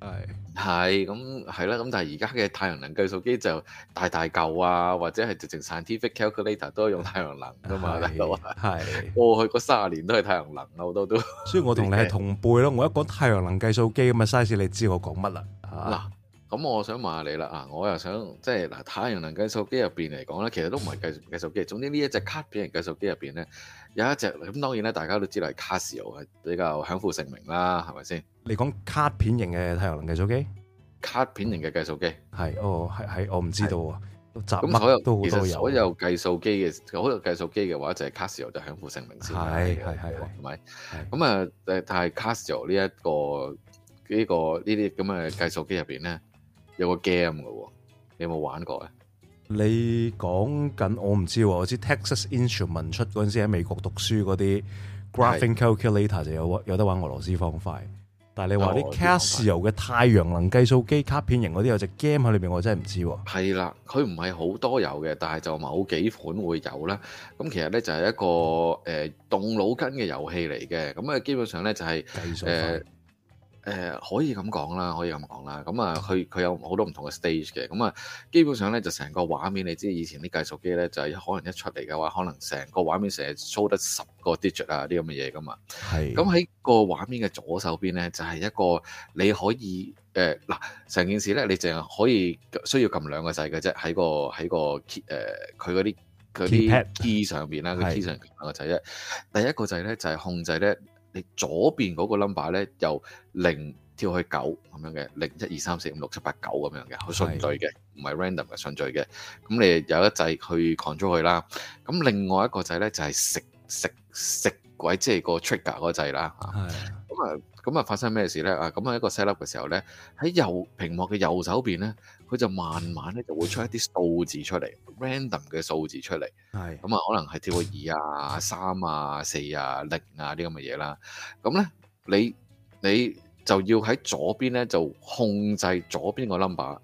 [SPEAKER 2] 係。係咁係啦，咁但係而家嘅太陽能計數機就大大舊啊，或者係直情 scientific calculator 都係用太陽能噶嘛，大佬。係。過去嗰三十年都係太陽能啊，好多都。所以我同你係同
[SPEAKER 1] 輩咯，我一講太陽能計數機咁嘅 size，你知我講乜啦？
[SPEAKER 2] 嗱、啊。啊咁我想問下你啦，啊，我又想即係嗱，太陽能計數機入邊嚟講咧，其實都唔係計計數機。總之呢一隻卡片型計數機入邊咧，有一隻咁當然咧，大家
[SPEAKER 1] 都知道係卡西歐係比較享負盛名啦，係咪先？你講卡片型嘅太陽能計數機？卡片型嘅計數機係哦，係係，我唔知道啊。咁所有其實所
[SPEAKER 2] 有計數機嘅所有計數機嘅話就係卡西歐就享負盛名先啦，係係係，係咪？咁啊誒，但係卡西歐呢一個、呢個、呢呢呢個呢啲咁嘅計數機入邊咧。有個 game 嘅喎，你有冇玩過呀？
[SPEAKER 1] 你講緊我唔知，我知 Texas Instruments 出嗰陣時喺美國讀書嗰啲 graphing calculator 就有有得玩俄羅斯方塊。但係你話啲 casio 嘅太陽能計數機卡片型嗰啲有隻 game 喺裏邊，我真係唔知。係啦，
[SPEAKER 2] 佢唔係好多有嘅，但係就某幾款會有啦。咁其實咧就係一個誒動腦筋嘅遊戲嚟嘅。咁啊，基本上咧就係計數誒。誒可以咁講啦，可以咁講啦。咁啊，佢、嗯、佢有好多唔同嘅 stage 嘅。咁、嗯、啊，基本上咧就成個畫面，你知以前啲計數機咧就係、是、可能一出嚟嘅話，可能成個畫面成日 show 得十個 digit 啊啲咁嘅嘢噶嘛。係。咁喺個畫面嘅左手邊咧，就係、是、一個你可以誒嗱成件事咧，你淨係可以需要撳兩個掣嘅啫。喺個喺個 key 佢嗰啲嗰啲機上邊啦，key 上撳兩個掣啫。第一個掣咧就係、是、控制咧，你左邊嗰個 number 咧，由零跳去九咁樣嘅，零一二三四五六七八九咁樣嘅，好順序嘅，唔係 random 嘅順序嘅。咁你有一掣去 control 去啦。咁另外一個掣咧就係、是、食食食鬼，即、就、係、是、個 trigger 嗰掣啦嚇。
[SPEAKER 1] 咁
[SPEAKER 2] 啊～咁啊，發生咩事咧？啊，咁啊，一個 set up 嘅時候咧，喺右屏幕嘅右手邊咧，佢就慢慢咧就會出一啲數字出嚟，random 嘅數字出嚟。係，咁啊，可能係跳個二啊、三啊、四啊、零啊啲咁嘅嘢啦。咁咧，你你就要喺左邊咧就控制左邊個 number，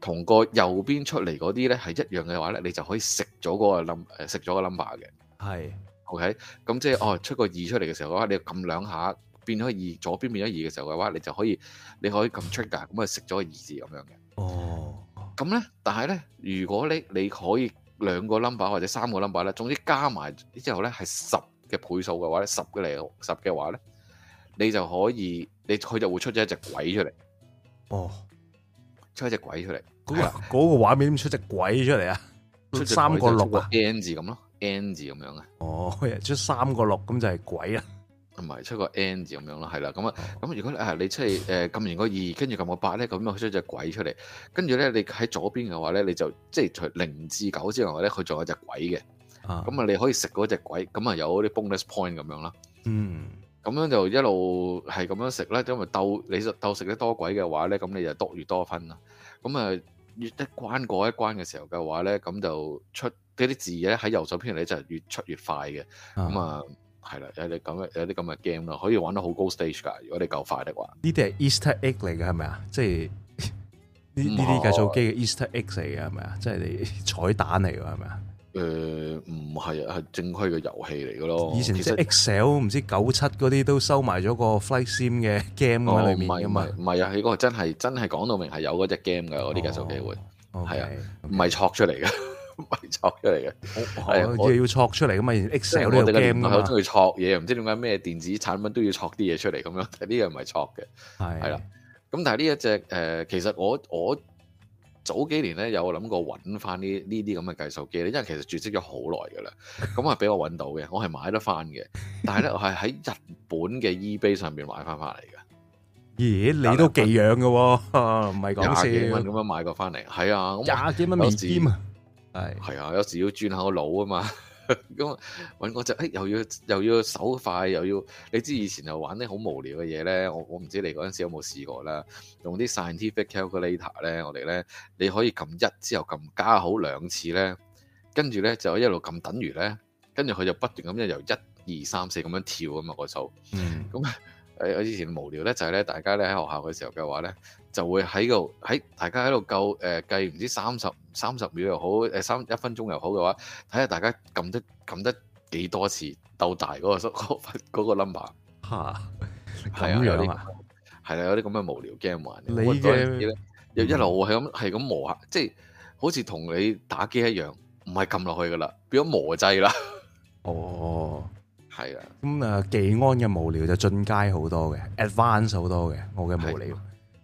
[SPEAKER 2] 同個右邊出嚟嗰啲咧係一樣嘅話咧，你就可以食咗個 number，誒食咗個 number
[SPEAKER 1] 嘅。
[SPEAKER 2] 係，OK，咁即係哦，出個二出嚟嘅時候嗰刻，你撳兩下。變咗二，左邊變咗二嘅時候嘅話，你就可以，你可以咁出噶，咁啊食咗個二字咁樣嘅。哦，咁咧，但係咧，如果你，你可以兩個 number 或者三個 number 咧，總之加埋之後咧係十嘅倍數嘅話咧，十嘅嚟，十嘅話咧，你就可以，你佢就會出咗一隻鬼出嚟。哦，
[SPEAKER 1] 出一隻鬼出嚟，嗰、那、嗰個畫、那個、面點出隻鬼出嚟啊？出三個六
[SPEAKER 2] 啊？N 字咁咯、啊，N 字咁樣啊？
[SPEAKER 1] 哦，出三個六咁就係鬼
[SPEAKER 2] 啦。同埋出個 end 咁樣咯，係啦，咁啊，咁如果你啊你即係誒撳完個二，跟住撳個八咧，咁佢出隻鬼出嚟，跟住咧你喺左邊嘅話咧，你就即係除零至九之外咧，佢仲有隻鬼嘅，啊，咁啊你可以食嗰隻鬼，咁啊有啲 bonus point 咁樣啦，嗯，咁樣就一路係咁樣食啦，因為鬥你就鬥食得多鬼嘅話咧，咁你就多越多分啦，咁啊越得關過一關嘅時候嘅話咧，咁就出啲啲字咧喺右手邊你就越出越快嘅，咁啊。係啦，有啲咁嘅有啲咁嘅 game 咯，可以玩得好高的 stage 噶，如果你夠快的話。
[SPEAKER 1] 呢啲係 Easter Egg 嚟嘅係咪啊？即係呢呢啲計數機嘅 Easter Egg 嚟嘅係咪啊？即係你彩蛋嚟嘅係咪啊？誒，唔係啊，係正規嘅遊戲嚟嘅咯。以前啲 Excel 唔知九七嗰啲都收埋咗個 flight sim 嘅 game 喺、哦、裏面唔嘛？
[SPEAKER 2] 唔係啊，佢嗰個真係真係講到明係有嗰隻 game 噶、哦，我啲計數機會係啊，唔係錯出嚟嘅。賣 錯出嚟嘅，係、哦、我哋要
[SPEAKER 1] 錯出嚟噶嘛？Excel 我哋嘅噶嘛？我中意
[SPEAKER 2] 錯嘢，唔知點解咩電子產品都要錯啲嘢出嚟咁樣。呢樣唔係錯嘅，係係啦。咁但係呢一隻誒、呃，其實我我早幾年咧有諗過搵翻呢呢啲咁嘅計數機咧，因為其實絕跡咗好耐噶啦。咁啊俾我搵到嘅，我係買得翻嘅。 但係咧我係喺日本嘅 eBay 上邊買翻翻嚟
[SPEAKER 1] 嘅。耶、欸，你都寄養嘅，唔係講笑，廿幾蚊咁
[SPEAKER 2] 樣買過翻嚟，係啊，廿幾蚊未啊！ 係，啊，有時要轉下個腦啊嘛，咁 搵、嗯、我就，哎、又要又要手快，又要，你知以前又玩啲好無聊嘅嘢咧，我我唔知你嗰陣時有冇試過啦，用啲 scientific calculator 咧，我哋咧你可以撳一之後撳加好兩次咧，跟住咧就一路撳等於咧，跟住佢就不斷咁樣由一二三四咁樣跳啊嘛個數，嗯，咁我我以前無聊咧就係咧大家咧喺學校嘅時候嘅話咧。就會喺度喺大家喺度夠誒計唔知 30, 30三十三十秒又好誒三一分鐘又好嘅話，睇下大家撳得撳得幾多次鬥大嗰個 number 嚇，係、那個、啊，係啦、啊，有啲咁嘅無聊 game 玩。你嗰陣又一路係咁係咁磨下，即係好似同你打機一樣，唔係撳落去噶啦，變咗磨製啦。
[SPEAKER 1] 哦，係啊。咁啊，技安嘅無聊就進階好多嘅，advance 好多嘅，我嘅無聊。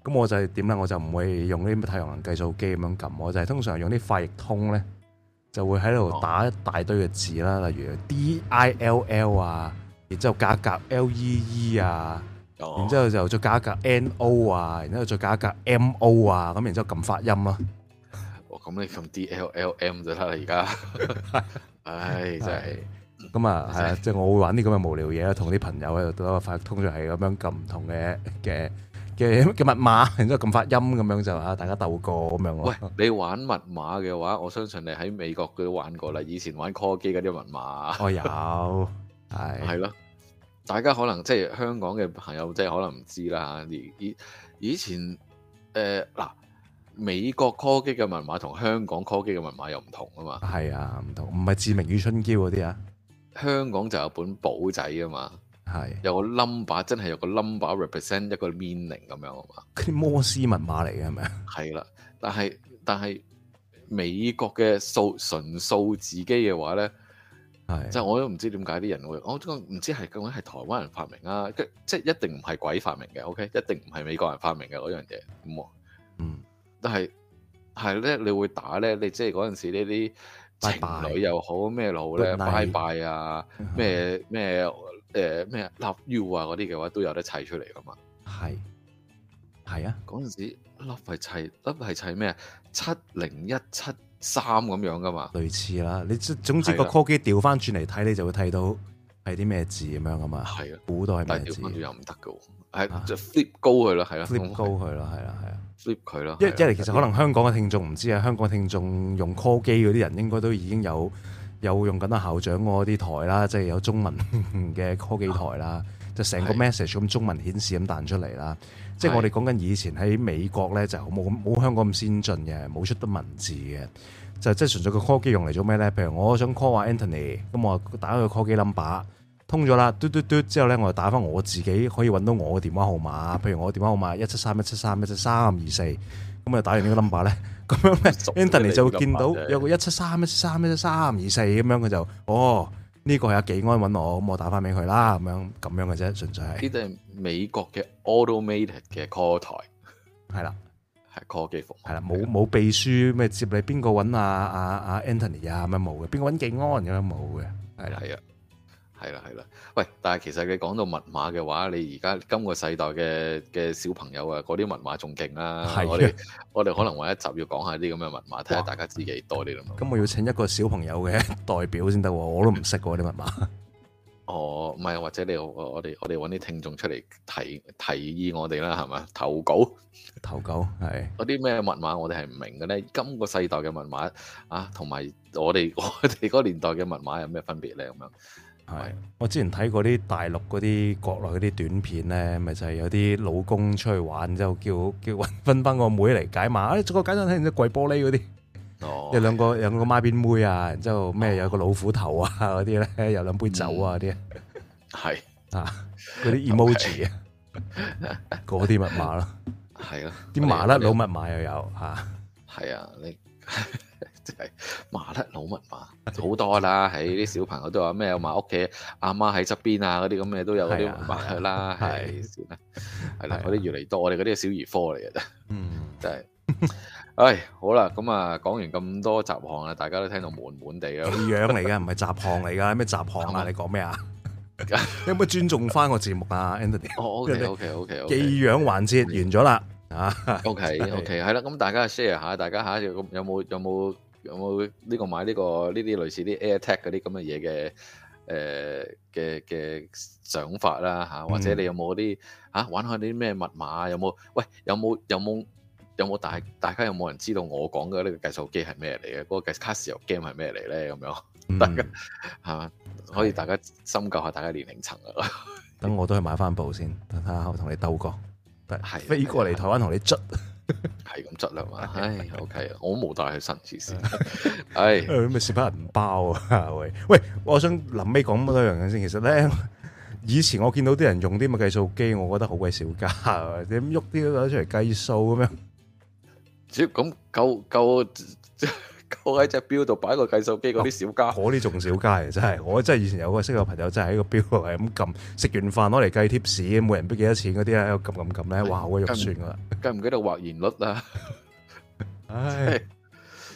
[SPEAKER 1] 咁我就點啦？我就唔會用啲咩太陽能計數機咁樣撳，我就係通常用啲快譯通咧，就會喺度打一大堆嘅字啦，例如 D I L L 啊，然之後加夾 L E E 啊，然之後就再加夾 N O 啊，然之後再加夾 M O 啊，咁然之後撳發音咯。
[SPEAKER 2] 哦，咁你撳 D L L M 就得啦，而家。唉，真係。咁啊，係啊，
[SPEAKER 1] 即係我會玩啲咁嘅無聊嘢啦，同啲朋友喺度打個快，通常係咁樣撳唔同嘅嘅。嘅嘅密碼，然之後咁發音咁樣就嚇，大家鬥過咁樣。喂，
[SPEAKER 2] 你玩密碼嘅話，我相信你喺美國佢都玩過啦。以前玩 call 機嗰啲密碼，我、哦、有，
[SPEAKER 1] 係係咯。
[SPEAKER 2] 大家可能即係香港嘅朋友，即係可能唔知啦。而以以前誒嗱、呃，美國 call 機嘅密碼同香港 call 機嘅密碼又唔同啊嘛。係啊，
[SPEAKER 1] 唔同，唔係志明與春嬌嗰啲啊。
[SPEAKER 2] 香港就有本簿仔啊嘛。係有個 number，真係有個 number represent 一個 meaning 咁樣啊嘛。
[SPEAKER 1] 佢啲摩斯密碼嚟嘅係咪啊？
[SPEAKER 2] 係啦，但係但係美國嘅數純數字機嘅話咧，係就我都唔知點解啲人會，我唔知係究竟係台灣人發明啊，即即一定唔係鬼發明嘅，OK，一定唔係美國人發明嘅嗰樣嘢。咁，嗯，但係係咧，你會打咧，你即係嗰陣時呢啲情侶又好咩路咧，拜拜啊，咩咩。誒、呃、咩啊，love you 啊嗰啲嘅話都有得砌出嚟噶嘛？係係啊，嗰陣時 love 係砌，love 係砌咩啊？七零一七三咁樣噶嘛？類
[SPEAKER 1] 似啦，你總之個 call 機調翻轉嚟睇，你就會睇到係啲咩字咁樣噶嘛？係啊，古代文字又
[SPEAKER 2] 唔得噶就 flip 高佢咯，係啦、啊，flip
[SPEAKER 1] 高佢咯，係啦、啊，
[SPEAKER 2] 係啊，啊，flip 佢咯。一嚟、啊啊啊啊、其實可能
[SPEAKER 1] 香港嘅聽眾唔知啊，香港聽眾用 call 機嗰啲人應該都已經有。有用緊啊校長嗰啲台啦，即係有中文嘅科技台啦、啊，就成個 message 咁中文顯示咁彈出嚟啦。即係我哋講緊以前喺美國咧就冇冇香港咁先進嘅，冇出得文字嘅，就即係純粹個 call 機用嚟做咩咧？譬如我想 call 啊 Anthony，咁我打開個 call b e r 通咗啦，嘟嘟嘟之後咧，我就打翻我，我自己可以揾到我嘅電話號碼。譬如我電話號碼一七三一七三一七三二四。173, 173, 173, 173, 172, 14, 咁咪打完個呢個 number 咧，咁樣咧，Anthony 就會見到有個一七三一七三一七三二四咁樣，佢就，哦，呢個係阿幾安揾我，咁我打翻俾佢啦，咁樣咁樣嘅啫，純粹係。呢
[SPEAKER 2] 啲係美國嘅 automated 嘅 call 台，係
[SPEAKER 1] 啦，係 call 機服務，係啦，冇冇秘書咩接你，邊個揾啊啊啊 Anthony 啊咩冇嘅，邊個揾幾安咁樣冇嘅，係啦，係啊。啊啊 Anthony, 係啦，係啦。
[SPEAKER 2] 喂，但係其實你講到密碼嘅話，你而家今個世代嘅嘅小朋友啊，嗰啲密碼仲勁啦。我哋我哋可能話一集要講下啲咁嘅密碼，睇下大家知幾多啲啦。
[SPEAKER 1] 咁我要請一個小朋友嘅代表先得，我都唔識嗰、啊、啲 密碼。
[SPEAKER 2] 哦，唔係，或者你我哋我哋搵啲聽眾出嚟提提議我哋啦，係咪？投稿，投稿係嗰啲咩密碼我哋係唔明嘅咧？今個世代嘅密碼啊，同埋我哋我哋嗰年代嘅密碼有咩分別咧？咁樣。係，
[SPEAKER 1] 我之前睇過啲大陸嗰啲國內嗰啲短片咧，咪就係有啲老公出去玩，之後叫叫分翻個妹嚟解碼，啊、你做個解碼睇唔知碎玻璃嗰啲、哦，有兩個，的兩個媽媽妹妹、哦、有個孖辮妹啊，然之後咩有個老虎頭啊嗰啲咧，有兩杯酒啊啲，係、嗯、啊，嗰啲 emoji 物 物 的啊，嗰啲密碼咯，係、啊、咯，啲麻甩佬密碼又有吓，係
[SPEAKER 2] 啊的，你。
[SPEAKER 1] 即係麻甩佬
[SPEAKER 2] 文化好多啦，喺 啲、哎、小朋友都話咩埋屋企阿媽喺側邊啊，嗰啲咁嘅都有嗰啲文化啦，係係啦，嗰啲越嚟多，我哋嗰啲係小兒科嚟嘅。嗯，真係、啊，唉、 哎，好啦，咁、嗯、啊，講完咁多雜項啊，大家都聽到悶
[SPEAKER 1] 悶地啊，技癢嚟嘅唔係雜項嚟嘅，咩雜項啊？你講咩啊？有冇尊重翻個節目啊 Anthony，O K O K O K，技癢環節完咗啦，啊，O K O K，
[SPEAKER 2] 係啦，咁大家 share 下，大家下咁有冇有冇？有有冇呢個買呢、這個呢啲類似啲 AirTag 嗰啲咁嘅嘢嘅誒嘅嘅想法啦嚇、啊嗯？或者你有冇啲嚇玩下啲咩密碼？有冇？喂，有冇有冇有冇大？大家有冇人知道我講嘅、那個、呢個計數機係咩嚟嘅？嗰個 Casio game 係咩嚟咧？咁樣，大家嚇可以大家深究下大家年齡層啊。嗯、
[SPEAKER 1] 等我都去買翻部先，等下我同你鬥過、啊，飛過嚟台灣同你捽。 係咁質量啊！唉，OK 啊，我冇帶去新知識。唉，咪蝕翻銀包啊！喂喂，我想臨尾講乜嘢先？其實咧，以前我見到啲人用啲咁計數機，我覺得好鬼少㗎，點喐啲都攞出嚟計數咁樣，
[SPEAKER 2] 只要咁夠夠。呃呃呃我喺隻表度擺個計數機嗰啲小家，
[SPEAKER 1] 嗰啲仲小家啊！ 真係，我真係以前有個識個朋友真在一個，真係喺個表度係咁撳，食完飯攞嚟計貼士每人俾幾多錢嗰啲咧，又撳撳撳咧，哇！我肉酸噶啦，
[SPEAKER 2] 計唔記得畫圓率啊！唉、哎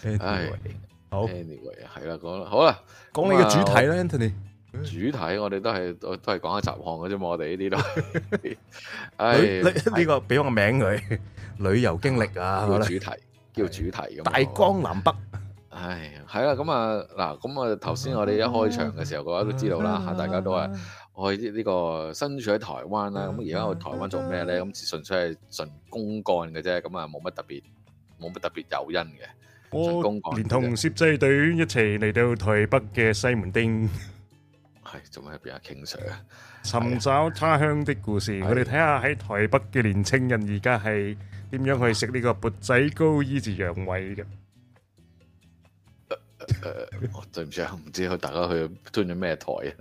[SPEAKER 2] 就是哎哎 anyway, anyway,，好，係啦，講好啦，講你嘅主題啦、嗯、，Anthony。主題我哋都係都都係講下雜
[SPEAKER 1] 項嘅啫嘛， 我哋呢啲都，唉、哎，呢、這個俾我個名佢，旅遊經歷啊，個主題叫主題、啊、大江南北。係，係啦，咁啊，
[SPEAKER 2] 嗱，咁啊，頭先我哋一開場嘅時候，各位都知道啦，嚇，大家都係我哋呢個身處喺台灣啦，咁而家去台灣做咩咧？咁純粹係純公幹嘅啫，咁啊，冇乜特別，冇乜特別誘因嘅。
[SPEAKER 1] 我連同攝製隊一齊嚟到台北嘅西門町，係仲喺邊啊？King Sir，尋找他鄉的故事，我哋睇下喺台北嘅年青人而家係點樣去食呢個缽仔糕醫治陽痿嘅。
[SPEAKER 2] 誒、 呃，我對唔住啊，唔知佢大家去吞咗咩台啊？誒、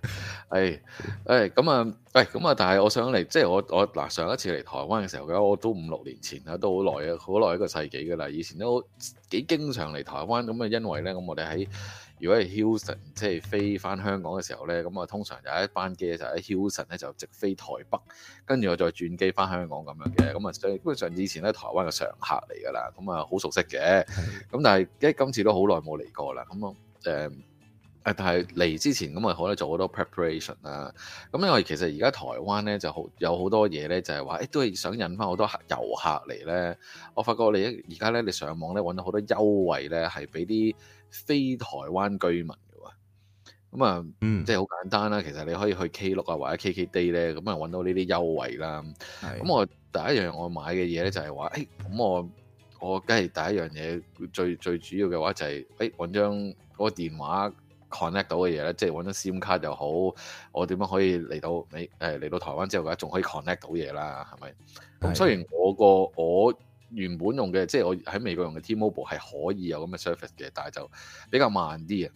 [SPEAKER 2] 哎、誒，咁、哎、啊，誒咁啊，但係我想嚟，即係我我嗱上一次嚟台灣嘅時候我都五六年前啦，都好耐好耐一個世紀噶啦。以前都幾經常嚟台灣咁啊，因為咧，咁我哋喺。如果係 Houston，即係飛翻香港嘅時候咧，咁啊通常就一班機就喺 Houston 咧就直飛台北，跟住我再轉機翻香港咁樣嘅，咁啊所以基本上以前咧台灣嘅常客嚟噶啦，咁啊好熟悉嘅，咁但係誒今次都好耐冇嚟過啦，咁啊但係嚟之前咁咪好咧，做好多 preparation 啦。咁因為其實而家台灣咧就好有好多嘢咧，就係話誒都係想引翻好多遊客嚟咧。我發覺你而家咧，你上網咧揾到好多優惠咧，係俾啲非台灣居民嘅喎。咁啊、嗯，即係好簡單啦。其實你可以去 K 六啊或者 K K Day 咧，咁啊揾到呢啲優惠啦。咁我第一樣我買嘅嘢咧就係話誒，咁、欸、我我梗係第一樣嘢最最主要嘅話就係誒揾張嗰個電話。connect 到嘅嘢咧，即係揾張 SIM 卡又好，我點樣可以嚟到你？誒嚟到台灣之後嘅話，仲可以 connect 到嘢啦，係咪？咁雖然我、那個我原本用嘅，即、就、係、是、我喺美國用嘅 T-Mobile 係可以有咁嘅 service 嘅，但係就比較慢啲嘅。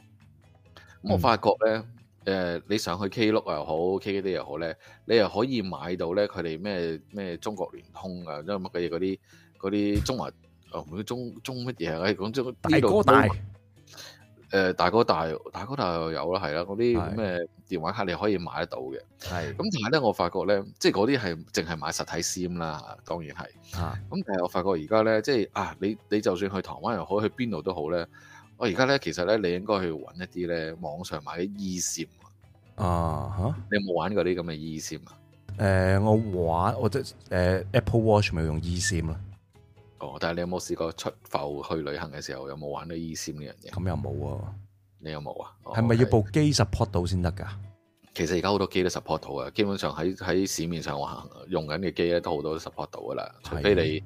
[SPEAKER 2] 咁我發覺咧，誒、嗯呃、你上去 KLOOK 又好 KKday 又好咧，你又可以買到咧佢哋咩咩中國聯通啊，因為乜嘢嗰啲嗰啲中華哦， 中中乜嘢啊？講中大哥大。誒、呃、大哥大，大哥大又有啦，係啦，嗰啲咩電話卡你可以買得到嘅，係。咁但係咧，我發覺咧，即係嗰啲係淨係買實體 SIM 咭啦，當然係。啊，咁但係我發覺而家咧，即係啊，你你就算去台灣又好，去邊度都好咧，我而家咧其實咧，你應該去揾一啲咧網上買啲 eSIM 啊嚇。你有冇玩過啲咁嘅 eSIM 啊？
[SPEAKER 1] 誒，我玩，我即係、uh, Apple Watch 咪用 eSIM。
[SPEAKER 2] 哦、但係你有冇試過出埠去旅行嘅時候有冇玩到 eSIM 呢樣嘢？咁又冇啊？
[SPEAKER 1] 你有冇啊？係咪要部機 support 到先得㗎？
[SPEAKER 2] 其實而家好多機都 support 到嘅，基本上喺喺市面上行用緊嘅機咧都好多都 support 到噶啦。除非你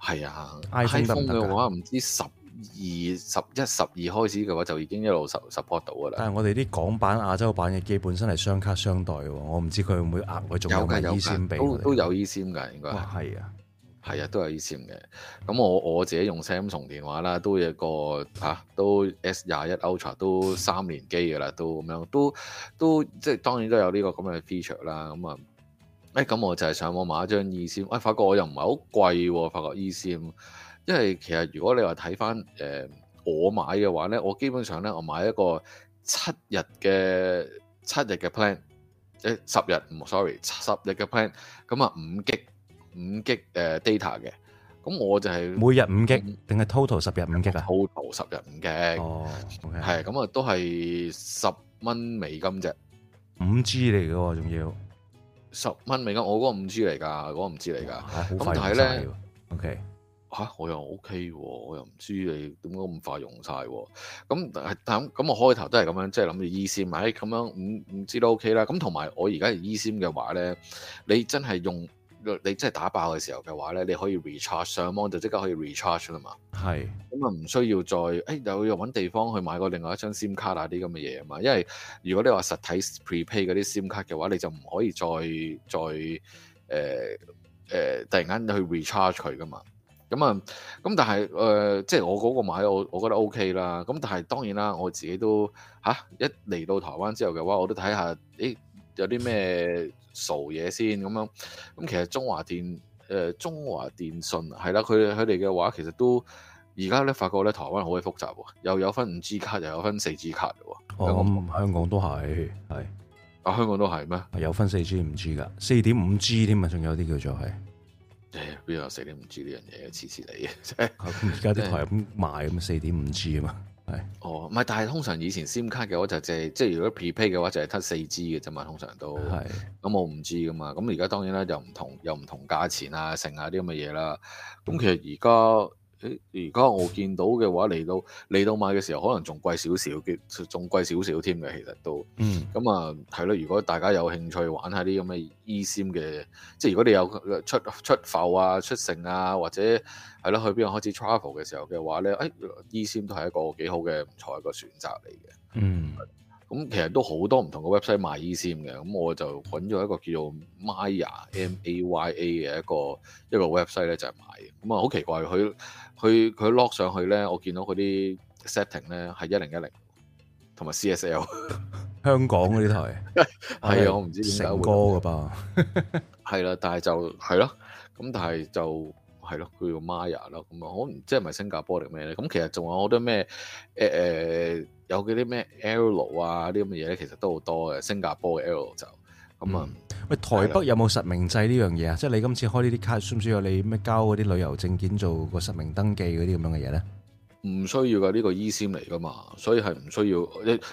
[SPEAKER 2] 係啊，啊，iPhone 嘅話唔知十二十一十二開始嘅話就已經一路 support 到㗎啦。但係
[SPEAKER 1] 我哋啲港版、亞洲版嘅機本身係雙卡雙待喎，我唔知佢會唔會壓佢仲有個 eSIM 俾都
[SPEAKER 2] 都有 eSIM 㗎，應該。係、哦、啊。係啊，都有 eSIM 嘅。咁我我自己用 Samsung 電話啦，都有個嚇、啊，都 S 廿一 Ultra 都三年機嘅啦，都咁樣，都都即係當然都有呢、這個咁嘅 feature 啦。咁啊，誒、哎、咁我就係上網買一張 eSIM 喂、哎，發覺我又唔係好貴，發覺 eSIM 因為其實如果你話睇翻誒我買嘅話咧，我基本上咧我買一個七日嘅七日嘅 plan，誒、哎、十日唔，sorry，十日嘅 plan，咁啊五 G。五 G 誒，data 嘅，咁我
[SPEAKER 1] 就係、是、每日五 G、嗯，定係 total 十日五 G 啊？total 十日五 G，
[SPEAKER 2] 係咁、oh, okay. 啊，都係十蚊美金啫，
[SPEAKER 1] 五 G 嚟嘅喎，仲要
[SPEAKER 2] 十蚊美金。我嗰個五 G 嚟噶，嗰、那個五 G 嚟噶，咁但係咧。O K 吓，我又 O、OK、K，、啊、我又唔知你，點解咁快用晒、啊？咁但係咁我開頭都係咁樣，即係諗住 eSIM、欸，咪咁樣五五 G 都 O、OK、K 啦。咁同埋我而家係 eSIM 嘅話咧，你真係用。你真係打爆嘅時候嘅話咧，你可以 recharge，上網就即刻可以 recharge 啦嘛。
[SPEAKER 1] 係，
[SPEAKER 2] 咁啊唔需要再誒又又揾地方去買過另外一張 sim 卡嗱啲咁嘅嘢啊嘛。因為如果你話實體 prepay 嗰啲 sim 卡嘅話，你就唔可以再再誒誒、呃呃、突然間去 recharge 佢噶嘛。咁啊咁，但係誒、呃、即係我嗰個買我我覺得 OK 啦。咁但係當然啦，我自己都嚇一嚟到台灣之後嘅話，我都睇下誒有啲咩傻嘢先咁樣，咁、嗯嗯嗯、其實中華電誒、呃、中華電信係啦，佢佢哋嘅話其實都而家咧發覺咧台灣好鬼複雜喎，又有分五 g 卡又有分四 g
[SPEAKER 1] 卡嘅喎。咁、哦嗯，香港都係係，啊香港都係咩？有分四 g 五 g 㗎，四點五 g 添啊，仲有啲叫做係
[SPEAKER 2] 誒邊有四點五 g 呢樣嘢黐線
[SPEAKER 1] 嚟嘅真係。而家啲台咁賣咁 4.5G 啊嘛。
[SPEAKER 2] 哦，唔係，但係通常以前 SIM 卡嘅話就即係，即係如果 Prepay 嘅話就係得四 G 嘅啫嘛，通常都。係。咁、嗯、我唔知噶嘛，咁而家當然啦又唔同，又唔同價錢啊，剩下啲咁嘅嘢啦。咁、嗯嗯、其實而家。誒，而家我見到嘅話嚟到嚟到買嘅時候，可能仲貴少少，嘅。仲貴少少添嘅，其實都。嗯。咁啊，係咯，如果大家有興趣玩下啲咁嘅 E 簽嘅，即係如果你有出出埠啊、出城啊，或者係咯去邊度開始 travel 嘅時候嘅話咧，誒、哎、E 簽都係一個幾好嘅唔錯一個選擇嚟嘅。嗯。咁其實都好多唔同嘅 website 賣 E 簽嘅，咁我就揾咗一個叫做 Maya M A Y A 嘅一個一個 website 咧，就係買，咁啊，好奇怪佢。佢佢 lock 上去咧，我見到嗰啲 setting 咧，係一零一零，同埋 C S L
[SPEAKER 1] 香港嗰啲台係啊，我唔知點解會成歌噶噃
[SPEAKER 2] 係啦，但係就係咯，咁但係就係咯，佢叫 Maya 啦，咁啊我唔知係咪新加坡定咩咧。咁其實仲有好多咩誒誒有嗰啲咩 L 啊啲咁嘅嘢咧，其實都好多嘅新加坡嘅 L 就。咁、嗯、
[SPEAKER 1] 啊，喂，台北有冇實名制呢樣嘢啊？即係你今次開呢啲卡，需唔需要你咩交嗰啲旅遊證件做個實名登記嗰啲咁樣嘅嘢咧？
[SPEAKER 2] 唔需要噶，呢、這個 E 簽嚟噶嘛，所以係唔需要。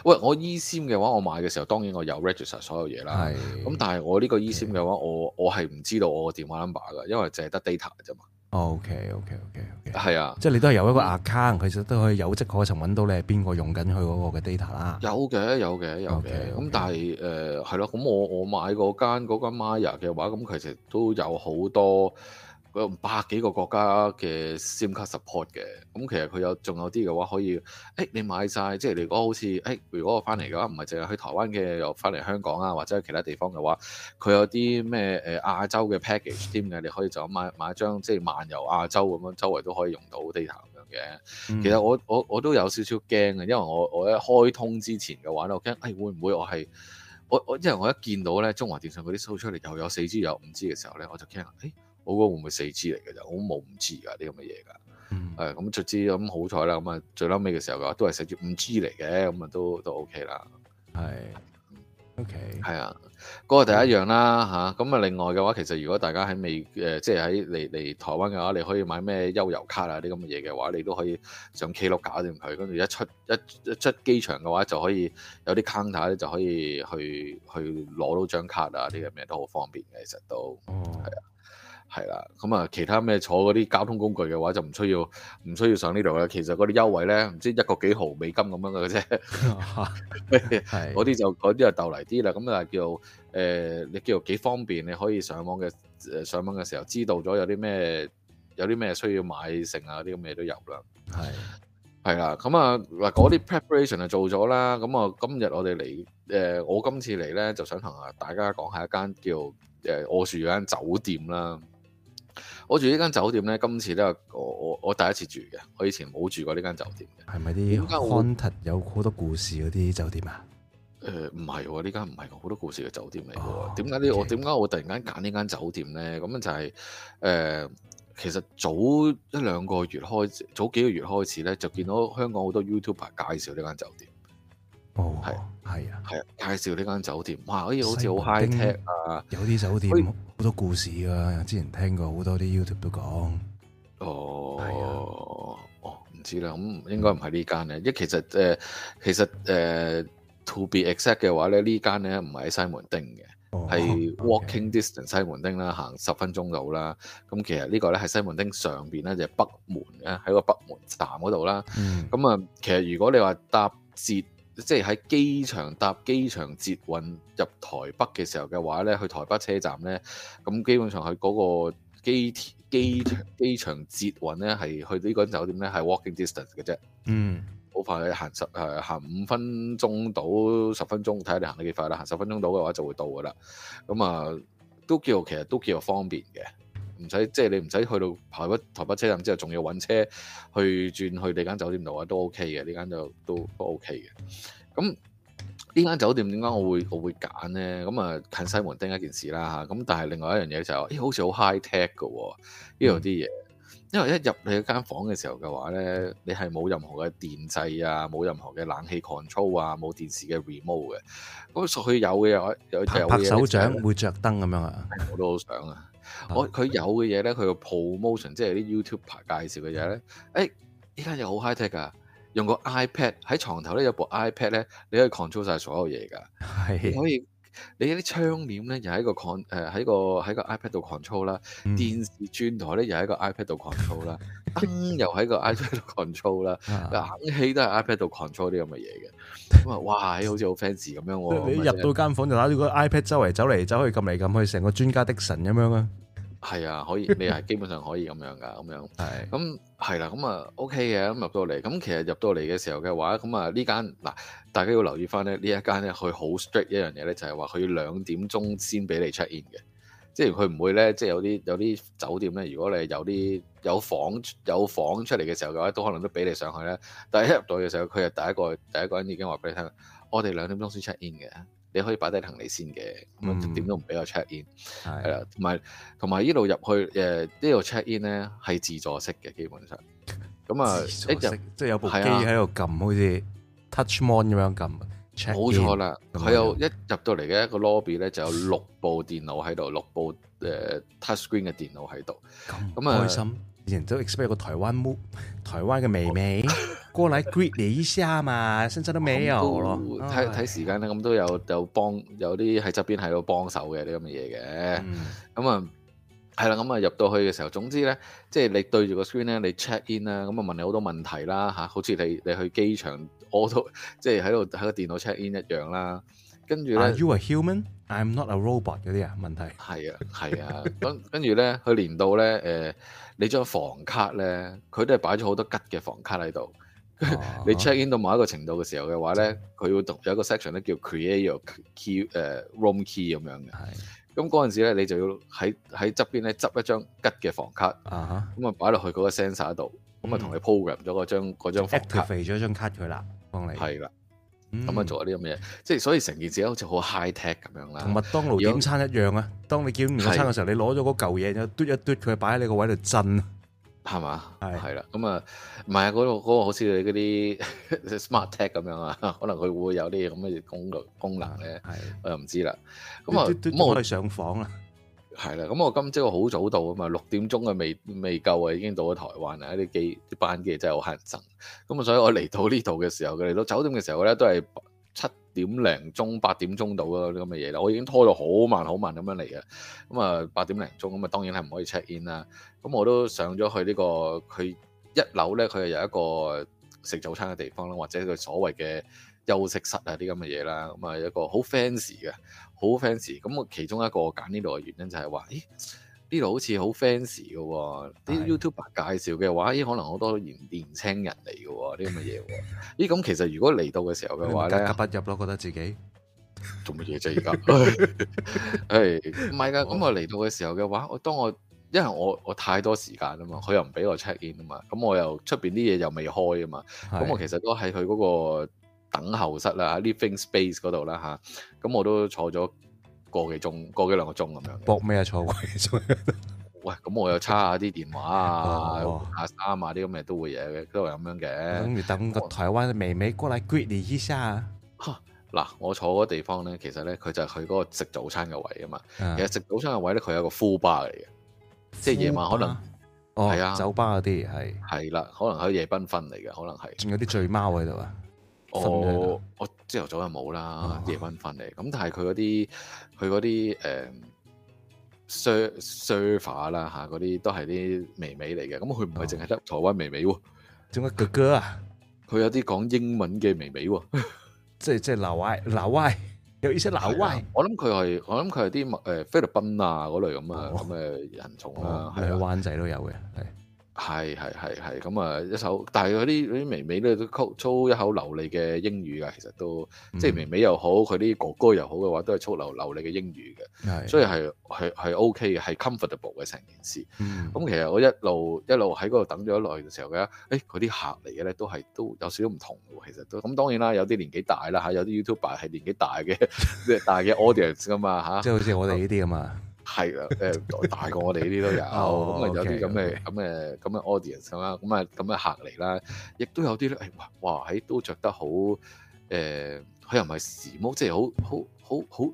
[SPEAKER 2] 喂，我 E 簽嘅話，我買嘅時候，當然我有 register 所有嘢啦。係，咁、嗯、但係我呢個 E 簽嘅話，okay. 我我係唔知道我個電話 number 噶，因為淨係得 data 啫嘛。
[SPEAKER 1] O K、okay, O K、okay, O K、okay, O、okay. K，係啊，即係你都係有一個 account，其實都可以有跡可尋揾到你係邊個用緊佢嗰個嘅 data 啦。
[SPEAKER 2] 有嘅有嘅有嘅。咁、okay, okay. 嗯、但係誒係咯，咁、呃啊、我我買嗰間嗰間 Maya 嘅話，咁其實都有好多。有百幾個國家嘅 SIM 卡 support 嘅，咁其實佢有仲有啲嘅話可以，誒、哎、你買晒，即係你如果好似，誒、哎、如果我翻嚟嘅話，唔係淨係去台灣嘅，又翻嚟香港啊，或者去其他地方嘅話，佢有啲咩誒亞洲嘅 package 添嘅，你可以就買買一張即係漫遊亞洲咁樣，周圍都可以用到 data 咁樣嘅、嗯。其實我我我都有少少驚嘅，因為我我一開通之前嘅話我驚誒、哎、會唔會我係我我，因為我一見到咧中華電信嗰啲 show 出嚟又有四 G 又有五 G 嘅時候咧，我就驚啦，哎我會會我嗯嗯、好最最、OK okay. 個會唔會四 G 嚟嘅就好冇五 G 啊，啲咁嘅嘢㗎。咁出資咁好彩啦。咁啊最嬲尾嘅時候嘅話，都係四 G 五 G 嚟嘅，咁啊都都 OK 啦。係，OK，係啊。嗰個第一樣啦嚇。咁啊，另外嘅話，其實如果大家喺未、呃、即係喺嚟嚟台灣嘅話，你可以買咩悠遊，遊卡啊啲咁嘅嘢嘅話，你都可以上 Klook 搞掂佢，跟住一出一出機場嘅話，就可以有啲 counter 咧，就可以去去攞到張卡啊啲咁嘅嘢都好方便嘅，其實都係啊。係啦，咁啊，其他咩坐嗰啲交通工具嘅話就唔需要唔需要上呢度啦，其實嗰啲優惠咧唔知一個幾毫美金咁樣嘅啫，嗰 啲 就嗰啲就逗嚟啲啦。咁啊叫誒、呃，你叫做幾方便，你可以上網嘅誒，上網嘅時候知道咗有啲咩有啲咩需要買成啊，嗰啲咁嘢都有啦。係係啦，咁啊嗱，嗰啲 preparation 就做咗啦。咁啊，今日我哋嚟誒，我今次嚟咧就想同啊大家講下一間叫誒，奧樹有間酒店啦。我住呢間酒店咧，今次咧我我我第一次住嘅，我以前冇住過呢間酒店嘅。
[SPEAKER 1] 係咪啲 Haunted 有好多故事嗰啲酒店啊？
[SPEAKER 2] 誒，唔係喎，呢間唔係好多故事嘅酒店嚟嘅。點解呢？我點解我突然間揀呢間酒店咧？咁樣就係、是、誒、呃，其實早一兩個月開始，早幾個月開始咧，就見到香港好多 YouTuber 介紹呢間酒店。哦，係啊，係啊，啊，介紹呢間酒店哇，可、哎、以好似好 high tech 啊。有啲酒店
[SPEAKER 1] 好多故事噶、啊，之前聽過好多啲 YouTube 都講、
[SPEAKER 2] oh, 啊。哦，哦，唔知啦，咁、嗯、應該唔係呢間咧。因為其實誒、呃、其實誒、呃、to be exact 嘅話咧，間呢間咧唔係喺西門町嘅，係、oh, Walking Distance、okay. 西門町啦，行十分鐘路啦。咁、嗯、其實個呢個咧係西門町上邊咧就係、北門嘅喺個北門站嗰度啦。咁、嗯、啊、嗯，其實如果你話搭捷即係喺機場搭機場捷運入台北嘅時候嘅話咧，去台北車站咧，咁基本上去嗰個機機機場捷運咧，係去到呢個酒店咧係 walking distance 嘅啫。嗯，好快去行十誒行五分鐘到十分鐘，睇下你行得幾快啦。行十分鐘到嘅話就會到㗎喇。咁啊都叫其實都叫方便嘅。唔使即係你唔使去到台北台北車站之後，仲要揾車去轉去你間酒店度啊，都 OK 嘅。呢間就都都 OK 嘅。咁呢間酒店點解我會我會揀呢？咁啊近西門町一件事啦，咁但係另外一樣嘢就係、是，咦、哎、好似好 high tech 嘅喎，呢度啲嘢。這些東西嗯因為一入你嗰間房嘅時候嘅話咧，你係冇任何嘅電掣啊，冇任何嘅冷氣 control 啊，冇電視嘅 remote 嘅。咁所以佢有嘅有有拍，拍手掌
[SPEAKER 1] 會着燈咁樣啊？我
[SPEAKER 2] 都好想啊！我 佢有嘅嘢咧，佢個 promotion 即係啲 YouTube 介紹嘅嘢咧，誒 呢、哎、間又好 high tech 啊，用個 iPad 喺床頭咧有部 iPad 咧，你可以 control 曬所有嘢噶，
[SPEAKER 1] 你可
[SPEAKER 2] 以。你啲窗簾咧又喺個誒喺、呃、個喺個 iPad 度 control 啦，電視轉台咧又喺個 iPad 度 control 啦，燈 又喺個 iPad 度 control 啦，冷、啊、氣都喺 iPad 度 control 啲咁嘅嘢嘅，咁啊哇，好似好 fancy 咁樣喎、啊，你入到
[SPEAKER 1] 間房間就攞住個 iPad 周圍走嚟走去撳嚟撳去，成 個專家的神咁樣啊！
[SPEAKER 2] 係啊，可以你係基本上可以咁樣噶，咁樣係咁係啦，咁、 嗯、啊、嗯、OK 嘅咁、嗯、入到嚟，咁、嗯、其實入到嚟嘅時候嘅話，咁啊呢間嗱，大家要留意翻咧，一間呢一間咧佢好 strict 一樣嘢咧，就係話佢要兩點鐘先俾你 check in 嘅，即係佢唔會咧，即係有啲有啲酒店咧，如果你有啲有房有房出嚟嘅時候嘅話，都可能都俾你上去咧，但係一入到嘅時候，佢係第一個第一個人已經話俾你聽，我哋兩點鐘先 check in 嘅。你可以擺低行李先嘅，咁一點都唔俾我 check in，係啦，同埋同埋呢度入去，誒呢度 check in 咧係自助式嘅，基本上，咁啊，一入，即係有部機喺
[SPEAKER 1] 度撳，好似 touch mon 咁樣撳，冇錯啦，佢有、嗯、
[SPEAKER 2] 一入到嚟嘅一個 lobby 咧，就有六部電腦喺度，六部誒、呃、touch screen 嘅電腦喺度，
[SPEAKER 1] 咁啊，開心。人都 expect 個台灣妹台灣嘅妹妹過嚟 greet 你一下嘛，深圳都未有咯。
[SPEAKER 2] 睇 睇時間咧，咁都有有幫，有啲喺側邊喺度幫手嘅啲咁嘅嘢嘅。咁啊，係啦，咁啊入到去嘅時候，總之咧，即係你對住個 screen 咧，你 check in 啦，咁啊問你好多問題啦吓，好似你你去機場，我都即係喺度喺個電腦 check in 一樣啦。跟
[SPEAKER 1] 住咧 you are human? I'm not a robot。嗰啲啊問題係 啊係啊，
[SPEAKER 2] 跟跟住咧，佢連到咧誒。呃你張房卡咧，佢都係擺咗好多吉嘅房卡喺度。哦、 你 check in 到某一個程度嘅時候嘅話咧，佢會讀有一個 section 咧叫 create your key，誒、uh, room key 咁樣嘅。係。咁嗰陣時咧，你就要喺喺側邊咧執一張吉嘅房卡。啊咁啊擺落去嗰個 sensor 度，咁啊同你 program 咗嗰張、嗯、張房卡。
[SPEAKER 1] 肥咗張卡佢啦，
[SPEAKER 2] 幫你。係啦。咁、嗯、啊，做啲咁嘅，嘢，即係所以成件事咧，好似好 high tech 咁樣啦，同麥當勞點
[SPEAKER 1] 餐一樣啊。當你叫唔到餐嘅時候，你攞咗嗰嚿嘢，就嘟一嘟，佢，擺喺你個位度震，係嘛？係係啦，咁啊，
[SPEAKER 2] 唔係啊，嗰、嗰個嗰個好似嗰啲 smart tech 咁樣啊，可能佢會有啲咁嘅功能功能咧。係，我又唔知啦。咁啊，咁我哋上房啊。係啦，咁我今朝好早到啊嘛，六點鐘啊未未夠啊，已經到咗台灣啦，啲機班機真係好乞人憎。咁啊，所以我嚟到呢度嘅時候，佢嚟到酒店嘅時候咧，都係七點零鐘八點鐘到啊啲咁嘅嘢啦，我已經拖到好慢好慢咁樣嚟嘅，咁啊八點零鐘咁啊，當然係唔可以 check in 啦、這個，咁我都上咗去呢個佢一樓咧，佢係有一個食早餐嘅地方啦，或者佢所謂嘅休息室啊啲咁嘅嘢啦，咁啊一個好 fancy 嘅。好 fancy 咁啊！其中一個揀呢度嘅原因就係話，咦？呢度好似好 fancy 嘅、哦，啲 YouTuber 介紹嘅話，咦？可能好多年年輕人嚟嘅啲咁嘅嘢。咦？咁其實如果嚟到嘅時候嘅話咧，不，吉吉不入咯，覺得自己做乜嘢啫？而家係唔係㗎？咁 我嚟到嘅時候嘅話，我當我因為我我太多時間啊嘛，佢又唔俾我 check in 啊嘛，咁我又出邊啲嘢又未開啊嘛，咁我其實都喺佢嗰個。等候室啦、啊，living space 嗰度啦吓，咁、啊、我都坐咗個幾鐘，個幾兩個鐘咁
[SPEAKER 1] 樣。搏咩啊？坐過幾鐘？
[SPEAKER 2] 喂，咁我又叉下啲電話 啊，換下衫啊啲咁嘅都會嘢嘅，都係咁樣嘅。等
[SPEAKER 1] 等個台灣嘅美眉過嚟。greet、啊、你一下。
[SPEAKER 2] 嗱、啊，我坐嗰地方咧，其實咧佢就係去嗰個食早餐嘅位嘛啊嘛。其實食早餐嘅位咧，佢有個 full bar 嚟嘅，即係夜晚可能、
[SPEAKER 1] bar? 哦、啊，酒吧嗰啲係係啦，可能喺夜濱分嚟嘅，可能係仲有啲醉貓喺度啊。我我
[SPEAKER 2] 朝頭早就冇啦，uh -huh. 夜晚返嚟。咁但係佢嗰啲佢嗰啲誒 server 啦嚇，嗰啲、uh, Sur, 啊、都係啲微微嚟嘅。咁佢唔係淨係得台灣微微喎，仲、uh -huh. 有哥哥啊！佢有啲講英文嘅微微喎，即即係老外老外，有啲老外。我諗佢係我諗佢係啲誒菲律賓啊嗰類咁啊咁嘅人種啊，係、uh -huh. 灣仔都有嘅，係。係係係係咁啊！一首，但係嗰啲嗰啲妹妹咧都粗一口流利嘅英語㗎，其實都、嗯、即係妹妹又好，佢啲哥哥又好嘅話，都係粗流流利嘅英語嘅，所以係係係 OK 嘅，係、OK、comfortable 嘅成件事。咁、嗯嗯、其實我一路一路喺嗰度等咗一耐嘅時候咧，誒嗰啲客嚟嘅咧都係都有少少唔同喎，其實都咁、嗯、當然啦，有啲年紀大啦，有啲 YouTuber 係年紀大嘅 大嘅 Audience 啊嘛即係好似
[SPEAKER 1] 我哋呢啲咁嘛。嗯
[SPEAKER 2] 係 啦，誒
[SPEAKER 1] 大過我哋呢啲都有，咁 啊、oh, okay, okay. 有啲咁嘅
[SPEAKER 2] 咁嘅咁嘅 audience 啦，咁啊咁嘅客嚟啦，亦都有啲咧，哇哇喺都着得好，誒、呃、佢又唔係時髦，即係好好好好，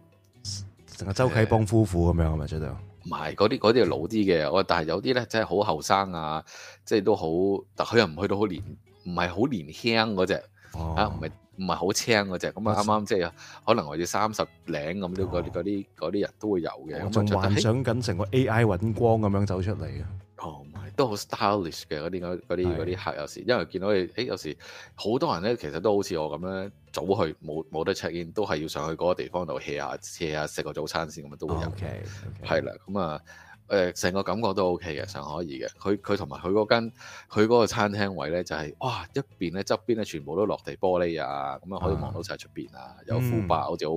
[SPEAKER 1] 成個周啟邦夫婦咁、呃、樣啊咪？出到唔
[SPEAKER 2] 係嗰啲嗰啲係老啲嘅，我但係有啲咧真係好後生啊，即、就、係、是、都好，但佢又唔去到好年，唔係好年輕嗰隻、哦、啊，唔係。唔係好青嗰隻，咁啊啱啱即係可能或者三十零咁都嗰啲啲啲人都會有嘅。仲幻想
[SPEAKER 1] 緊成個 AI 揾光咁樣走出嚟
[SPEAKER 2] 啊！哦，my, 都好 stylish 嘅嗰啲啲啲客有時，因為見到你，誒有時好多人咧，其實都好似我咁樣早去冇冇得 check in，都係要上去嗰個地方度 hea 下 hea 下食個早餐先咁啊，都會有。嘅，OK 係啦，咁、okay, 啊、okay.。誒、呃、成個感覺都 OK 嘅，尚可以嘅。佢佢同埋佢嗰間佢嗰個餐廳位咧，就係、是、哇一邊咧側邊咧全部都落地玻璃啊，咁啊可以望到晒出邊啊，有 full bar、嗯、好似好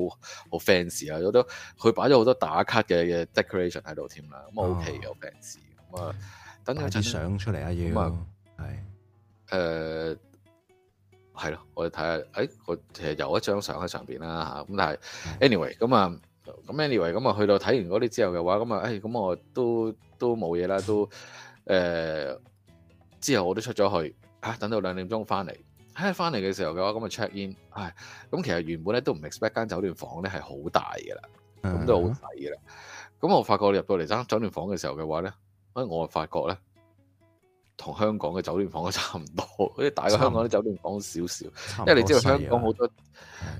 [SPEAKER 2] 好 fancy 啊，有都佢擺咗好多打卡嘅嘅 decoration 喺度添啦，咁啊 OK 有 fancy 咁啊，fancy, 嗯嗯、等一張相出嚟啊要，咁啊係係咯，我哋睇下誒，我其實有一張相喺上邊啦嚇，咁但係 anyway 咁啊。咁 anyway，咁啊去到睇完嗰啲之後嘅話，咁、哎、啊，唉，咁我都都冇嘢啦，都誒、呃，之後我都出咗去嚇、啊，等到兩點鐘翻嚟，喺翻嚟嘅時候嘅話，咁啊 check in，係、哎，咁其實原本咧都唔 expect 間酒店房咧係好大嘅啦，咁、uh -huh. 都好細嘅啦，咁我發覺入到嚟間酒店房嘅時候嘅話咧，啊，我啊發覺咧。同香港嘅酒店房都差唔多，好似大過香港啲酒店房少少，因為你知道香港好多，多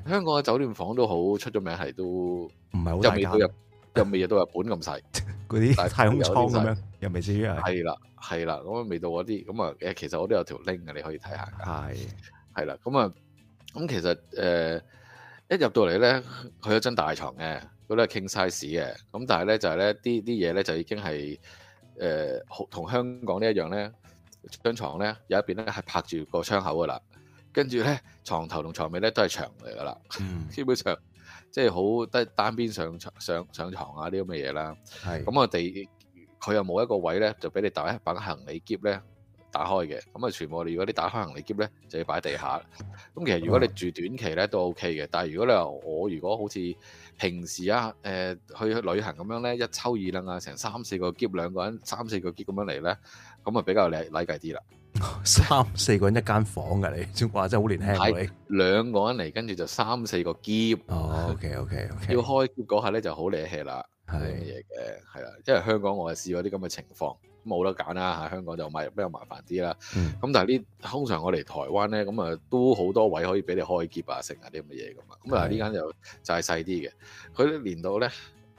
[SPEAKER 2] 香港嘅酒店房都好出咗名，係都唔係好就未到日，又 未到日本咁細嗰啲太空艙咁樣，又未至於係。係啦，係啦，咁未到嗰啲，咁啊，其實我都有條 link 嘅，你可以睇下。係係啦，咁啊，咁其實誒、呃、一入到嚟咧，佢有張大床嘅，嗰啲 king size 嘅，咁但係咧就係咧啲啲嘢咧就已經係誒同香港呢一樣咧。張床咧有一邊咧係拍住個窗口嘅啦，跟住咧床頭同床尾咧都係牆嚟嘅啦，基本上即係好得單邊上，上，上床上上床啊啲咁嘅嘢啦。咁我哋佢又冇一個位咧，就俾你搭一揼行李篋咧。打開嘅，咁啊全部我哋如果啲打開行李篋咧，就要擺地下。咁其實如果你住短期咧、哦、都 OK 嘅，但係如果你話我如果好似平時啊，誒、呃、去去旅行咁樣咧，一抽二拎啊，成三四個篋，兩個人三四個篋咁樣嚟咧，咁啊比較嚟計啲啦。
[SPEAKER 1] 三四個人一間房嘅、啊、你，哇真係好年輕、啊。係
[SPEAKER 2] 兩個人嚟，跟住就三四個篋。哦，OK OK OK。要開篋嗰下咧就好理氣啦。係嘅，係啦，因為香港我係試過啲咁嘅情況，冇得揀啦嚇，香港就買比較麻煩啲啦。咁、嗯、但係呢，通常我嚟台灣咧，咁啊都好多位可以俾你開劫啊、升啊啲咁嘅嘢噶嘛。咁啊呢間就就係細啲嘅，佢連到咧，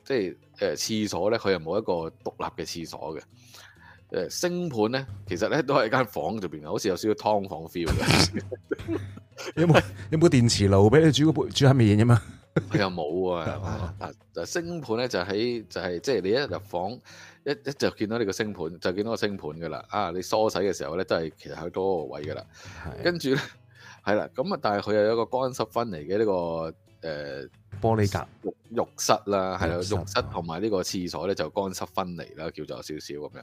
[SPEAKER 2] 即係誒、呃、廁所咧，佢又冇一個獨立嘅廁所嘅。誒升盤咧，其實咧都係間房入邊好似有少少湯房 feel 嘅。
[SPEAKER 1] 有冇有冇電磁爐俾你煮嗰杯煮下麵啫嘛？
[SPEAKER 2] 佢又冇啊！啊，星盤咧就喺、是、就係即係你一入房一一就見到你個星盤，就見到個星盤噶啦。啊，你梳洗嘅時候咧都係其實好多個位噶啦。跟住咧係啦，咁啊，但係佢又有一個乾濕分離嘅呢個誒。呃玻璃隔浴浴室啦，係啊，浴室同埋呢個廁所咧就乾濕分離啦，叫做少少咁樣。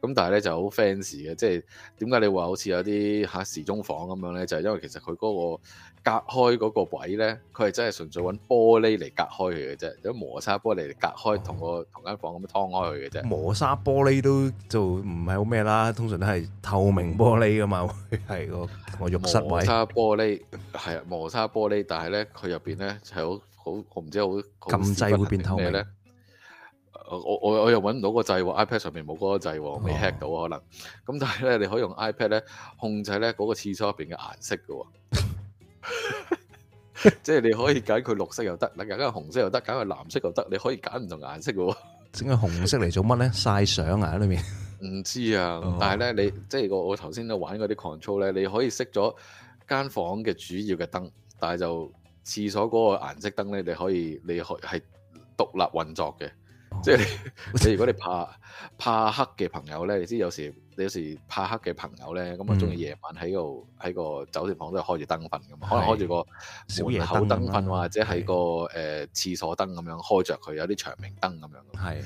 [SPEAKER 2] 咁但係咧就好 fancy 嘅，即係點解你話好似有啲嚇時鐘房咁樣咧？就係因為其實佢嗰個隔開嗰個位咧，佢係真係純粹揾玻璃嚟隔開佢嘅啫，用磨砂玻璃嚟隔開同個同間房咁樣劏開佢嘅啫。磨
[SPEAKER 1] 砂玻璃都就唔係好咩啦，通常都係透明玻璃㗎嘛，係個個浴室位。磨砂
[SPEAKER 2] 玻璃係啊，磨砂玻璃，但係咧佢入邊咧係好。好，我唔知好。撳掣，會變透明咧？我我我又揾唔到個掣喎，iPad 上面冇嗰個掣喎，我未 hit 到、哦、可能。咁但係咧，你可以用 iPad 咧控制咧嗰個廁所入邊嘅顏色噶。即 係 你可以揀佢綠色又得，揀佢紅色又得，揀佢藍色又得，你可以揀唔同顏色噶。
[SPEAKER 1] 整個紅色嚟做乜咧？晒 相啊喺裏面。唔
[SPEAKER 2] 知啊、哦，但係咧你即係我我頭先都玩嗰啲 control 咧，你可以熄咗間房嘅主要嘅燈，但係就。廁所嗰個顏色燈咧，你可以你可以係獨立運作嘅、哦，即係你， 你如果你怕怕黑嘅朋友咧，你知有時你有時怕黑嘅朋友咧，咁我鍾意夜晚喺度喺個酒店房都係開住燈瞓咁嘛，可能開住個門口燈瞓小夜燈或者係個誒廁、呃、所燈咁樣開着佢，有啲長明燈咁樣的。係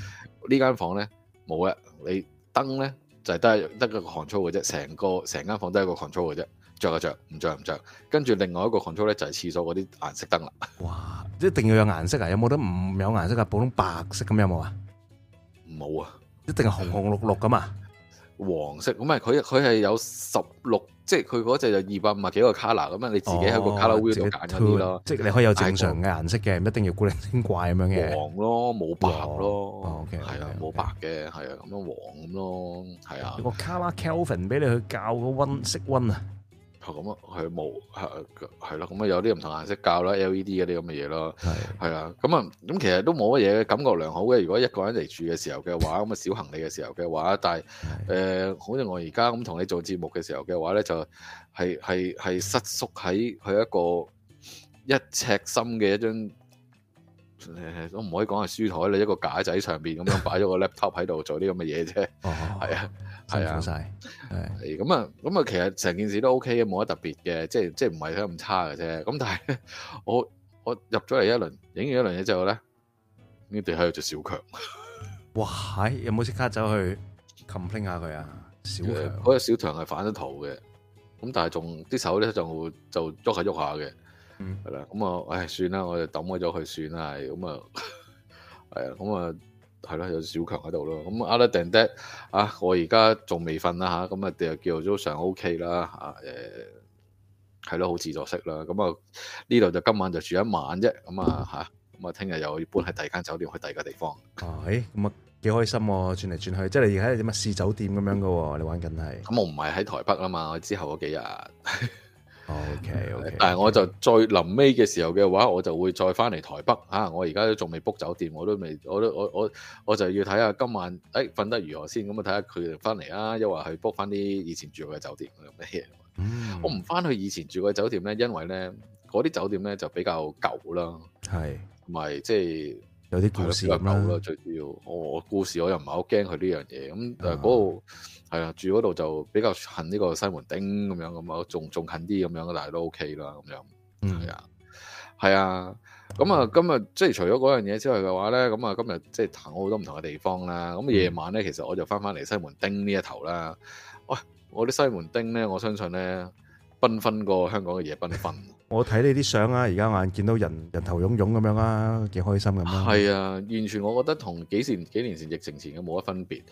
[SPEAKER 2] 呢間房咧冇啊，你燈咧就係得得個 control 嘅啫，成個成間房都係一個 control 嘅啫。着就着，唔着唔着。跟住另外一個 control 咧，就係廁所嗰啲顏
[SPEAKER 1] 色燈啦。哇！一定要有顏色啊？有冇得唔有顏色嘅、啊、普通白色咁有冇啊？
[SPEAKER 2] 冇啊！
[SPEAKER 1] 一定係紅紅綠綠咁啊？
[SPEAKER 2] 黃色咁啊？佢佢係有十六，即係佢嗰隻就二百五十幾個 color 咁啊！你自己喺個 color wheel 度揀咗啲咯。即係你可以有正常嘅
[SPEAKER 1] 顏色嘅，唔一定要古靈精怪咁樣嘅。黃
[SPEAKER 2] 咯，冇白咯。哦哦、OK，係啊，冇、okay, okay. 白嘅，係啊，咁樣黃咁咯，係啊。有個 color Kelvin 俾你去校
[SPEAKER 1] 個温色温啊！嗯咁啊，
[SPEAKER 2] 佢冇係係咁啊有啲唔同顏色教啦，LED 嗰啲咁嘅嘢咯，係係啊，咁啊咁其實都冇乜嘢，感覺良好嘅。如果一個人嚟住嘅時候嘅話，咁啊小行李嘅時候嘅話，但係誒、呃，好似我而家咁同你做節目嘅時候嘅話咧，就係係係失縮喺佢一個一尺深嘅一張。誒，我唔可以講係書台，你一個架仔上邊咁樣擺咗個 laptop 喺度做啲咁嘅嘢啫。哦，係啊，係啊，晒係。咁啊，咁啊，其實成件事都 O K 嘅，冇乜特別嘅，即係即係唔係睇咁差嘅啫。咁但係我我入咗嚟一輪，影完一輪嘢之後咧，呢度喺度做小強。
[SPEAKER 1] 哇，有冇即刻走去 complain 下佢啊？小強，嗰、那、隻、個、小強係反
[SPEAKER 2] 咗肚嘅，咁但係仲啲手咧就就喐下喐下嘅。 嗯，係啦，咁啊，唉，算啦，我就抌開咗佢算啦，係，咁啊，係啊，咁、嗯、啊，係咯，有小強喺度咯，咁啊，阿爹啊，我而家仲未瞓啦吓，咁啊，就叫早上 O K 啦，吓、嗯，誒、嗯，係、嗯、咯，有好自助式啦，咁啊，呢度就今晚就住一晚啫，咁啊，吓，咁啊，聽日又要搬去第二間酒店去第二個地方。
[SPEAKER 1] 哦，咁啊，幾、哎、開心喎、啊，轉嚟轉去，即係你而家喺點啊試酒店咁樣噶、哦嗯，你玩緊係。咁我唔係喺
[SPEAKER 2] 台北啊嘛，我之後嗰幾日。 O K O K，但係我就再臨尾嘅時候嘅話，我就會再翻嚟台北啊！我而家都仲未 book 酒店，我都未，我都我我我就要睇下今晚誒瞓、哎、得如何先，咁啊睇下佢哋翻嚟啊，又話去 book 翻啲以前住嘅酒店咁嘅嘢、嗯、我唔翻去以前住嘅酒店咧，因為咧嗰啲酒店咧就比較舊啦，係同埋即係
[SPEAKER 1] 有啲故事舊啦。
[SPEAKER 2] 最主要、哦、我故事我又唔係好驚佢呢樣嘢咁，但、嗯、係、哦係啊，住嗰度就比較近呢個西門町咁樣咁咯，仲仲近啲咁樣，但係都 OK 啦咁樣。嗯，係啊，係啊。咁啊，啊，今日即係除咗嗰樣嘢之外嘅話咧，咁啊，今日即係行好多唔同嘅地方啦。咁夜晚咧，其實我就翻翻嚟西門町呢一頭啦。喂，我啲西門町咧，我相信咧，繽紛過香港嘅夜繽紛。
[SPEAKER 1] 我睇你啲相啊，而家眼見到人人頭涌湧咁樣啦，幾開心咁樣。係
[SPEAKER 2] 啊，完全我覺得同幾前幾年前疫情前嘅冇乜分別。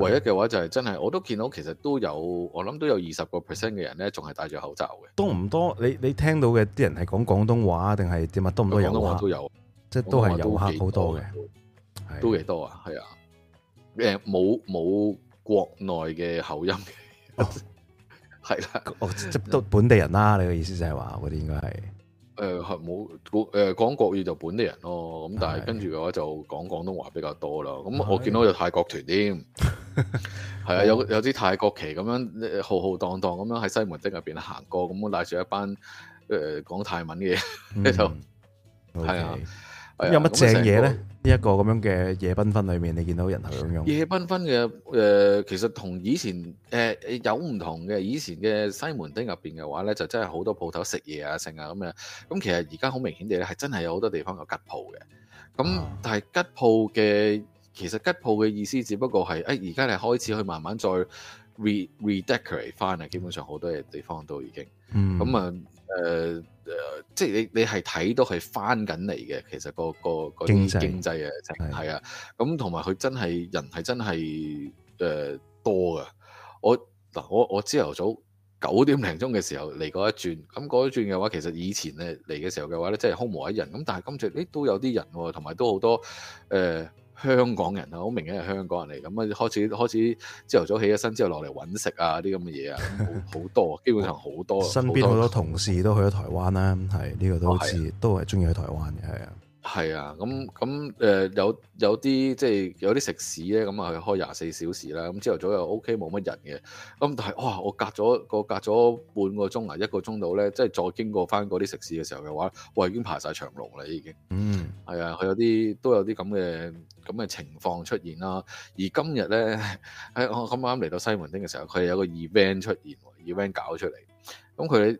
[SPEAKER 2] 唯一嘅話就係真係，我都見到其實都有，我諗都有二十個 percent 嘅人咧，仲係戴住口罩嘅。
[SPEAKER 1] 多唔多？你你聽到嘅啲人係講廣東話定係點啊？是多唔多遊客？廣東話都有，即係都係遊客好多嘅，
[SPEAKER 2] 都幾多啊？係啊，誒冇冇國內嘅口音嘅。 係啦，哦，即 都
[SPEAKER 1] 本地人啦， 你嘅意思就係話嗰啲應該係，
[SPEAKER 2] 誒、呃，係冇，誒，講國語就本地人咯，咁但係跟住嘅話就講廣東話比較多啦，咁我見到有泰國團添，係 啊，有有啲泰國旗咁樣浩浩蕩蕩咁樣喺西門町入邊行過，咁我帶住一班誒講泰文嘅、嗯， 就係啊。
[SPEAKER 1] Okay. 有乜正嘢咧？呢、嗯、一個咁、這個、樣嘅夜繽紛裏面，你見到人頭湧湧。夜
[SPEAKER 2] 繽紛嘅，誒、呃，其實同以前誒、呃、有唔同嘅。以前嘅西門町入邊嘅話咧，就真係好多鋪頭食嘢啊、剩啊咁樣。咁其實而家好明顯地咧，係真係有好多地方有吉鋪嘅。咁、嗯、但係吉鋪嘅，其實吉鋪嘅意思，只不過係誒，而家你開始去慢慢再 re redecorate 翻啊。基本上好多嘢地方都已經，咁、嗯、啊，誒、嗯。呃誒、呃，即係你你係睇到係翻緊嚟嘅，其實個個嗰啲經濟啊，係啊，咁同埋佢真係人係真係誒、呃、多噶。我嗱我我朝頭早九點零鐘嘅時候嚟過一轉，咁嗰一轉嘅話，其實以前咧嚟嘅時候嘅話咧，真係空無一人。咁但係今次咧都有啲人、啊，同埋都好多誒。呃香港人啊，好明顯係香港人嚟，咁啊開始開始朝頭早起咗身之後落嚟揾食啊啲咁嘅嘢啊，好多，基本上好多， 身邊好多同
[SPEAKER 1] 事都去咗台灣啦，係 呢、呢個都好似、啊、都係中意去台灣嘅，係啊。
[SPEAKER 2] 係啊，咁咁誒有有啲即係有啲食肆咧，咁、嗯、啊佢開廿四小時啦，咁朝頭早又 OK 冇乜人嘅，咁、嗯、但係哇，我隔咗個隔咗半個鐘啊，一個鐘度咧，即係再經過翻嗰啲食肆嘅時候嘅話，我已經排晒長龍啦已經，嗯，係啊，佢有啲都有啲咁嘅咁嘅情況出現啦。而今日咧喺我咁啱嚟到西門町嘅時候，佢有個 event 出現，event 搞出嚟，咁、嗯、佢咧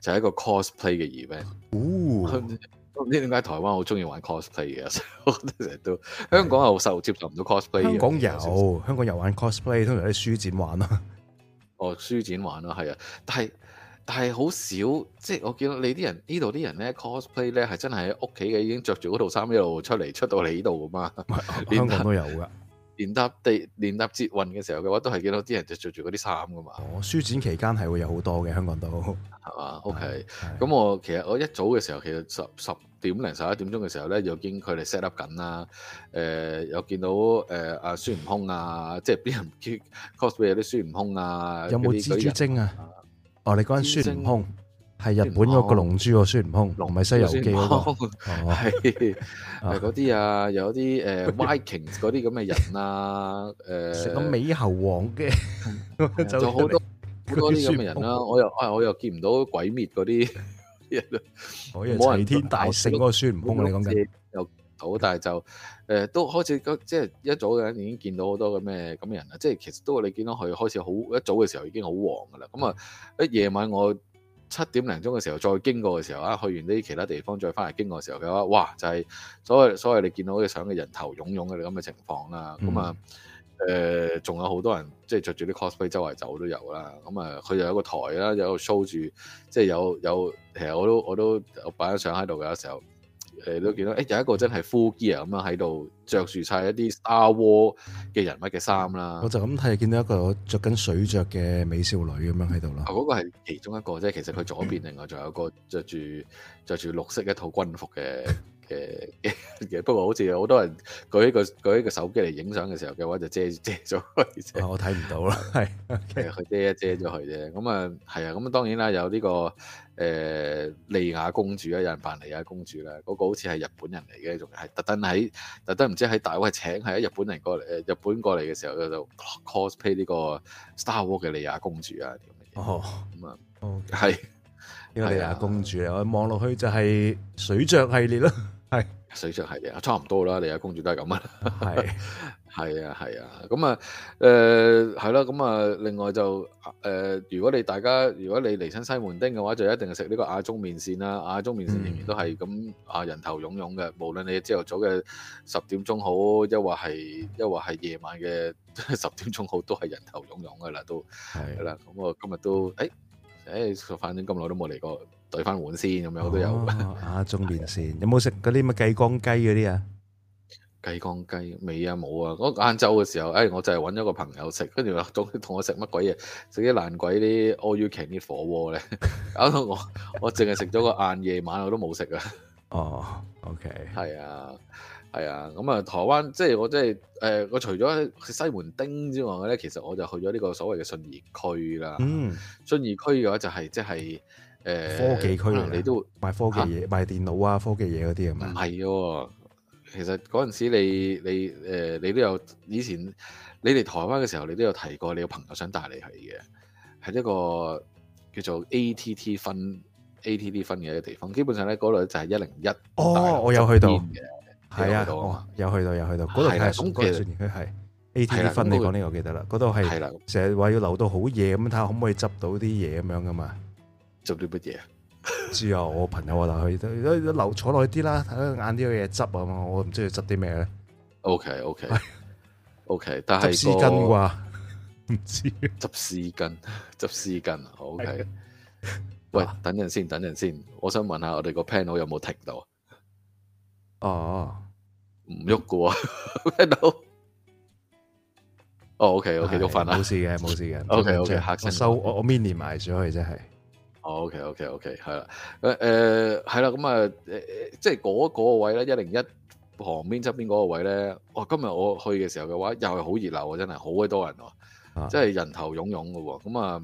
[SPEAKER 2] 就係一個 cosplay 嘅 event。哦。唔知點解台灣好中意玩 cosplay 嘅， 我哋都，都香港又受接受唔到 cosplay。香港
[SPEAKER 1] 有，香港有玩 cosplay，通常啲書展玩啦、
[SPEAKER 2] 啊。哦，書展玩啦，係啊，但係但係好少，即係我見到你啲人，人呢度啲人咧 cosplay 咧係真係喺屋企嘅已經着住嗰套衫一路出嚟出，出到嚟呢度噶嘛。香港都有㗎，連搭地連搭捷運嘅時候嘅話，都係見到啲人就着住嗰啲衫㗎嘛。
[SPEAKER 1] 我、哦、書展期間係會有好多嘅，香港都
[SPEAKER 2] 係嘛？OK，咁我其實我一早嘅時候其實十十點零十一點鐘嘅時候咧，又見佢哋 set up 緊啦。誒，又見到誒阿孫悟空啊，即係邊人 cosplay 啲孫悟空啊？有冇蜘蛛精
[SPEAKER 1] 啊？哦，你講緊孫悟空係日本嗰個龍珠喎，孫悟空，唔係西遊記嗰
[SPEAKER 2] 個。係誒嗰啲啊，有啲誒 Viking 嗰啲咁嘅人啊，誒。咁美猴
[SPEAKER 1] 王嘅，就好多好多啲咁嘅人啦。
[SPEAKER 2] 我又啊，我又見唔到鬼滅嗰啲。冇人齊天大聖嗰個孫悟空， 你講緊又好， 但係就誒、呃、都開始即係一早嘅已經見到好多咁咩咁嘅人啦。即係其實都你見到佢開始好一早嘅時候已經好旺，噶啦。咁啊，一夜晚我七點零鐘嘅時候再經過嘅時候啊，去完呢啲其他地方再翻嚟，經過嘅時候嘅話，哇！就係、是、所謂所謂你見到嘅相嘅人頭湧湧嘅你咁嘅情況啦。咁啊～、嗯誒、呃，仲有好多人即係着住啲 cosplay 周圍走都有啦。咁、嗯、啊，佢又有個台啦，有個 show 住，即係有有其實我都我都擺咗相喺度嘅。有時候你都見到、欸，有一個真係 full gear 咁樣喺度着住晒一啲 Star Wars 嘅人物嘅衫啦。我
[SPEAKER 1] 就咁睇見到一個着緊水着嘅美少女咁樣喺度咯。
[SPEAKER 2] 嗰、嗯，那個係其中一個啫，即係其實佢左邊另外仲有一個着住著住綠色一套軍服嘅。 嘅 嘅，不過好似有好多人舉起個舉一個手機嚟影相嘅時候嘅話，就遮遮咗佢啫。我睇唔到啦，係其實佢遮一遮咗佢啫。咁啊係啊，咁當然啦，有呢、這個誒莉、呃、亞公主啦，有人扮利亞公主啦。嗰、那個好似係日本人嚟嘅，仲係特登喺特登唔知喺大會請，係喺日本人過嚟誒，日本過嚟嘅時候佢就 cosplay 呢個 Star Wars 嘅利亞公主啊啲咁
[SPEAKER 1] 嘅嘢。哦，咁啊，哦係呢個莉亞公主嚟， 我望落去就係水象系列啦。
[SPEAKER 2] 係，水上係嘅，差唔多啦。你阿公主都係咁 啊，係，係啊，係啊。咁、呃、啊，誒，係啦。咁啊，另外就，誒、呃，如果你大家，如果你嚟親西門町嘅話，就一定係食呢個阿中麵線啦。阿中麵線仍然都係咁啊，人頭湧湧嘅。無論你朝頭早嘅十點鐘好，抑或係抑或係夜晚嘅十點鐘好，都係人頭湧湧噶啦，都係噶啦。咁啊，我今日都，誒、哎，誒、哎，反正咁耐都冇嚟過。對翻碗先咁
[SPEAKER 1] 樣，我都有、哦啊、 有、有、有啊。中年先有冇食嗰啲乜雞缸雞嗰啲啊？
[SPEAKER 2] 雞缸雞，未啊，冇啊！我晏晝嘅時候，哎，我就係揾咗個朋友食，跟住話總之同我食乜鬼嘢，食啲爛鬼啲 all you can 啲火鍋咧，搞 到 我我淨係食咗個晏夜晚 我都冇食、oh, okay. 啊。哦，OK，係啊。係啊，咁、嗯、啊，台灣即係我即係誒、呃，我除咗去西門町之外咧，其實我就去咗呢個所謂嘅信義區啦。嗯，信義區嘅話就係、是、即係誒、呃、科技區、啊、你都
[SPEAKER 1] 賣科技嘢，賣、啊、電腦啊，
[SPEAKER 2] 科技嘢嗰啲係咪？唔係嘅，其實嗰陣時你你誒你,、呃、你都有以前你嚟台灣嘅時候，你都有提過你個朋友想帶你去嘅，係一個叫做 ATT 分 ATT 分嘅地方。基本上咧嗰度就係一零一。
[SPEAKER 1] 哦，我有去到。係啊、哦，有去到，有去到，嗰度係算嘅，算佢係 A.T.D 分。你講呢、這個我記得啦，嗰度係成日話要留到好夜咁睇下可唔可以執到啲嘢，咁樣噶嘛？執啲乜嘢之知啊，我朋友話佢留坐耐啲啦，睇下晏啲有嘢執啊嘛。我唔知佢執啲咩咧。O.K.O.K.O.K.、Okay,
[SPEAKER 2] okay, 但係執絲巾啩？唔知。執 絲巾，執絲巾。O.K. 喂，等陣先，等陣先，我想問下我哋個 panel 有冇停到？哦，唔喐嘅喎，聽到？哦，OK，OK，喐翻啦，冇事嘅，冇事嘅。OK，OK，黑色，我收，
[SPEAKER 1] 我我 mini 買咗，佢真係。
[SPEAKER 2] OK，OK，OK，係啦，誒誒，係啦，咁啊，誒誒，即係嗰嗰個位咧，一零一旁邊側邊嗰個位咧，我今日我去嘅時候嘅話，又係好熱鬧啊，真係好鬼多人啊，即係人頭涌涌嘅喎。咁啊，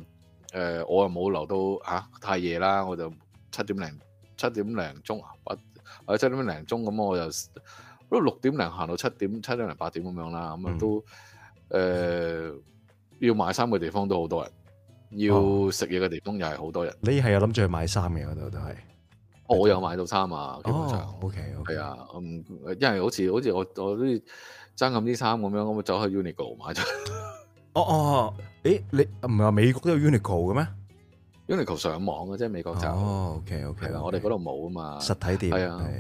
[SPEAKER 2] 誒，我又冇留到吓太夜啦，我就七點零七點零鐘啊。啊，即係七點零鐘咁我就都六點零行到七點、七點零八點咁樣啦，咁啊都誒、嗯呃、要買衫嘅地方都好多人，哦、要食嘢嘅地方又係好多人。
[SPEAKER 1] 你係有諗住去買衫嘅嗰度都係，
[SPEAKER 2] 我有買到衫啊！基本上，O K O K，啊，因為好似好似我我都爭咁啲衫咁樣，我
[SPEAKER 1] 咪走去 Uniqlo 買咗。哦哦，誒你唔係話美國都有 Uniqlo 嘅咩？Uniqlo 上網嘅，啫，美國就哦 OK OK 啦，我哋嗰度冇啊嘛。實體店係啊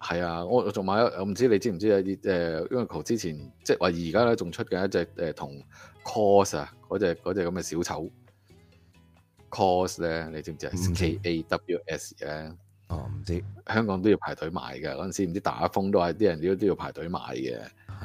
[SPEAKER 2] 係啊，啊，我我仲買咗，我唔知你知唔知啊啲、呃、Uniqlo 之前即係話而家咧仲出緊一隻誒、呃、同 cos 啊嗰隻只咁嘅小丑 cos 咧，你知唔知啊？K A W S 咧，哦唔知香港都要排隊買嘅嗰陣時，唔知打風都係啲人都都要排隊買嘅。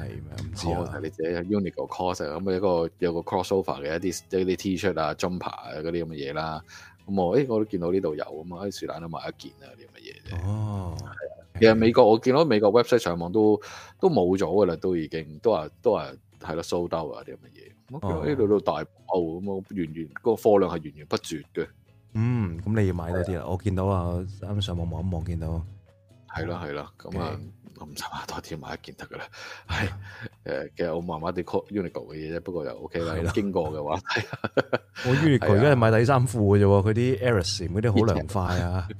[SPEAKER 2] 係咁啊，睇你自己啲 uniqlo cross 啊，咁啊一個有一個 crossover 嘅一啲 t s 一啲 T 恤啊、jumper 啊嗰啲咁嘅嘢啦，咁我誒、欸、我都見到呢度有咁啊，喺樹懶度買一件啊啲咁嘅嘢啫。
[SPEAKER 1] 哦，
[SPEAKER 2] 係啊，okay. 其實美國我見到美國 website 上網都都冇咗噶啦，都已經都話都話係咯，sold out 啊啲咁嘅嘢，我呢度都大爆咁啊，源源嗰個貨量係源源
[SPEAKER 1] 不絕嘅。嗯，咁你要買多啲啦。我見到，我我見到、okay. 啊，啱上網望一望，見到係咯係咯，咁啊。咁十萬多啲買一件得噶啦，係誒、啊，其實我
[SPEAKER 2] 麻麻地 call Uniqlo 嘅嘢啫，不過又 ok 啦。啊、經過嘅話題，
[SPEAKER 1] 我 Uniqlo、啊、而家係買底衫褲嘅啫，佢啲 AIRism 嗰啲好涼快啊，HEATTECH、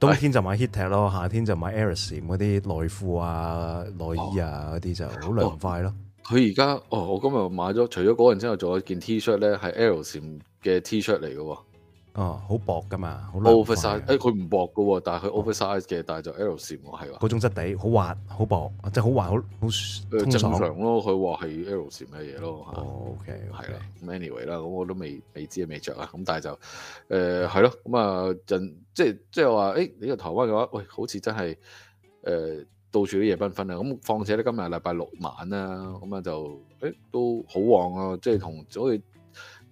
[SPEAKER 1] 冬天就買 HEATTECH 咯、啊，夏天就買 AIRism 嗰啲內褲啊、內衣啊嗰啲就好涼快咯、啊。佢而
[SPEAKER 2] 家哦，我今日買咗，除咗嗰件之外，仲有一件 T-shirt 咧，係 AIRism 嘅 T 恤嚟嘅。
[SPEAKER 1] 哦，好薄噶嘛，好 oversize
[SPEAKER 2] 誒，佢唔薄噶喎，但係佢 oversize 嘅、哦，但係就是 L 線喎，係
[SPEAKER 1] 喎。嗰種質地好滑，好薄，即係好滑，好好正常
[SPEAKER 2] 咯。佢話係 L 線嘅嘢咯。哦、oh,，OK，係、okay. 啦。咁 anyway 啦，咁我都未未知未着啊。咁但係就誒係咯。咁、呃、啊，即係即係話，誒呢個台灣嘅話，喂，好似真係誒、呃、到處都夜繽紛啊。咁況且咧，今日禮拜六晚啊，咁啊就誒都好旺啊，即係同好似。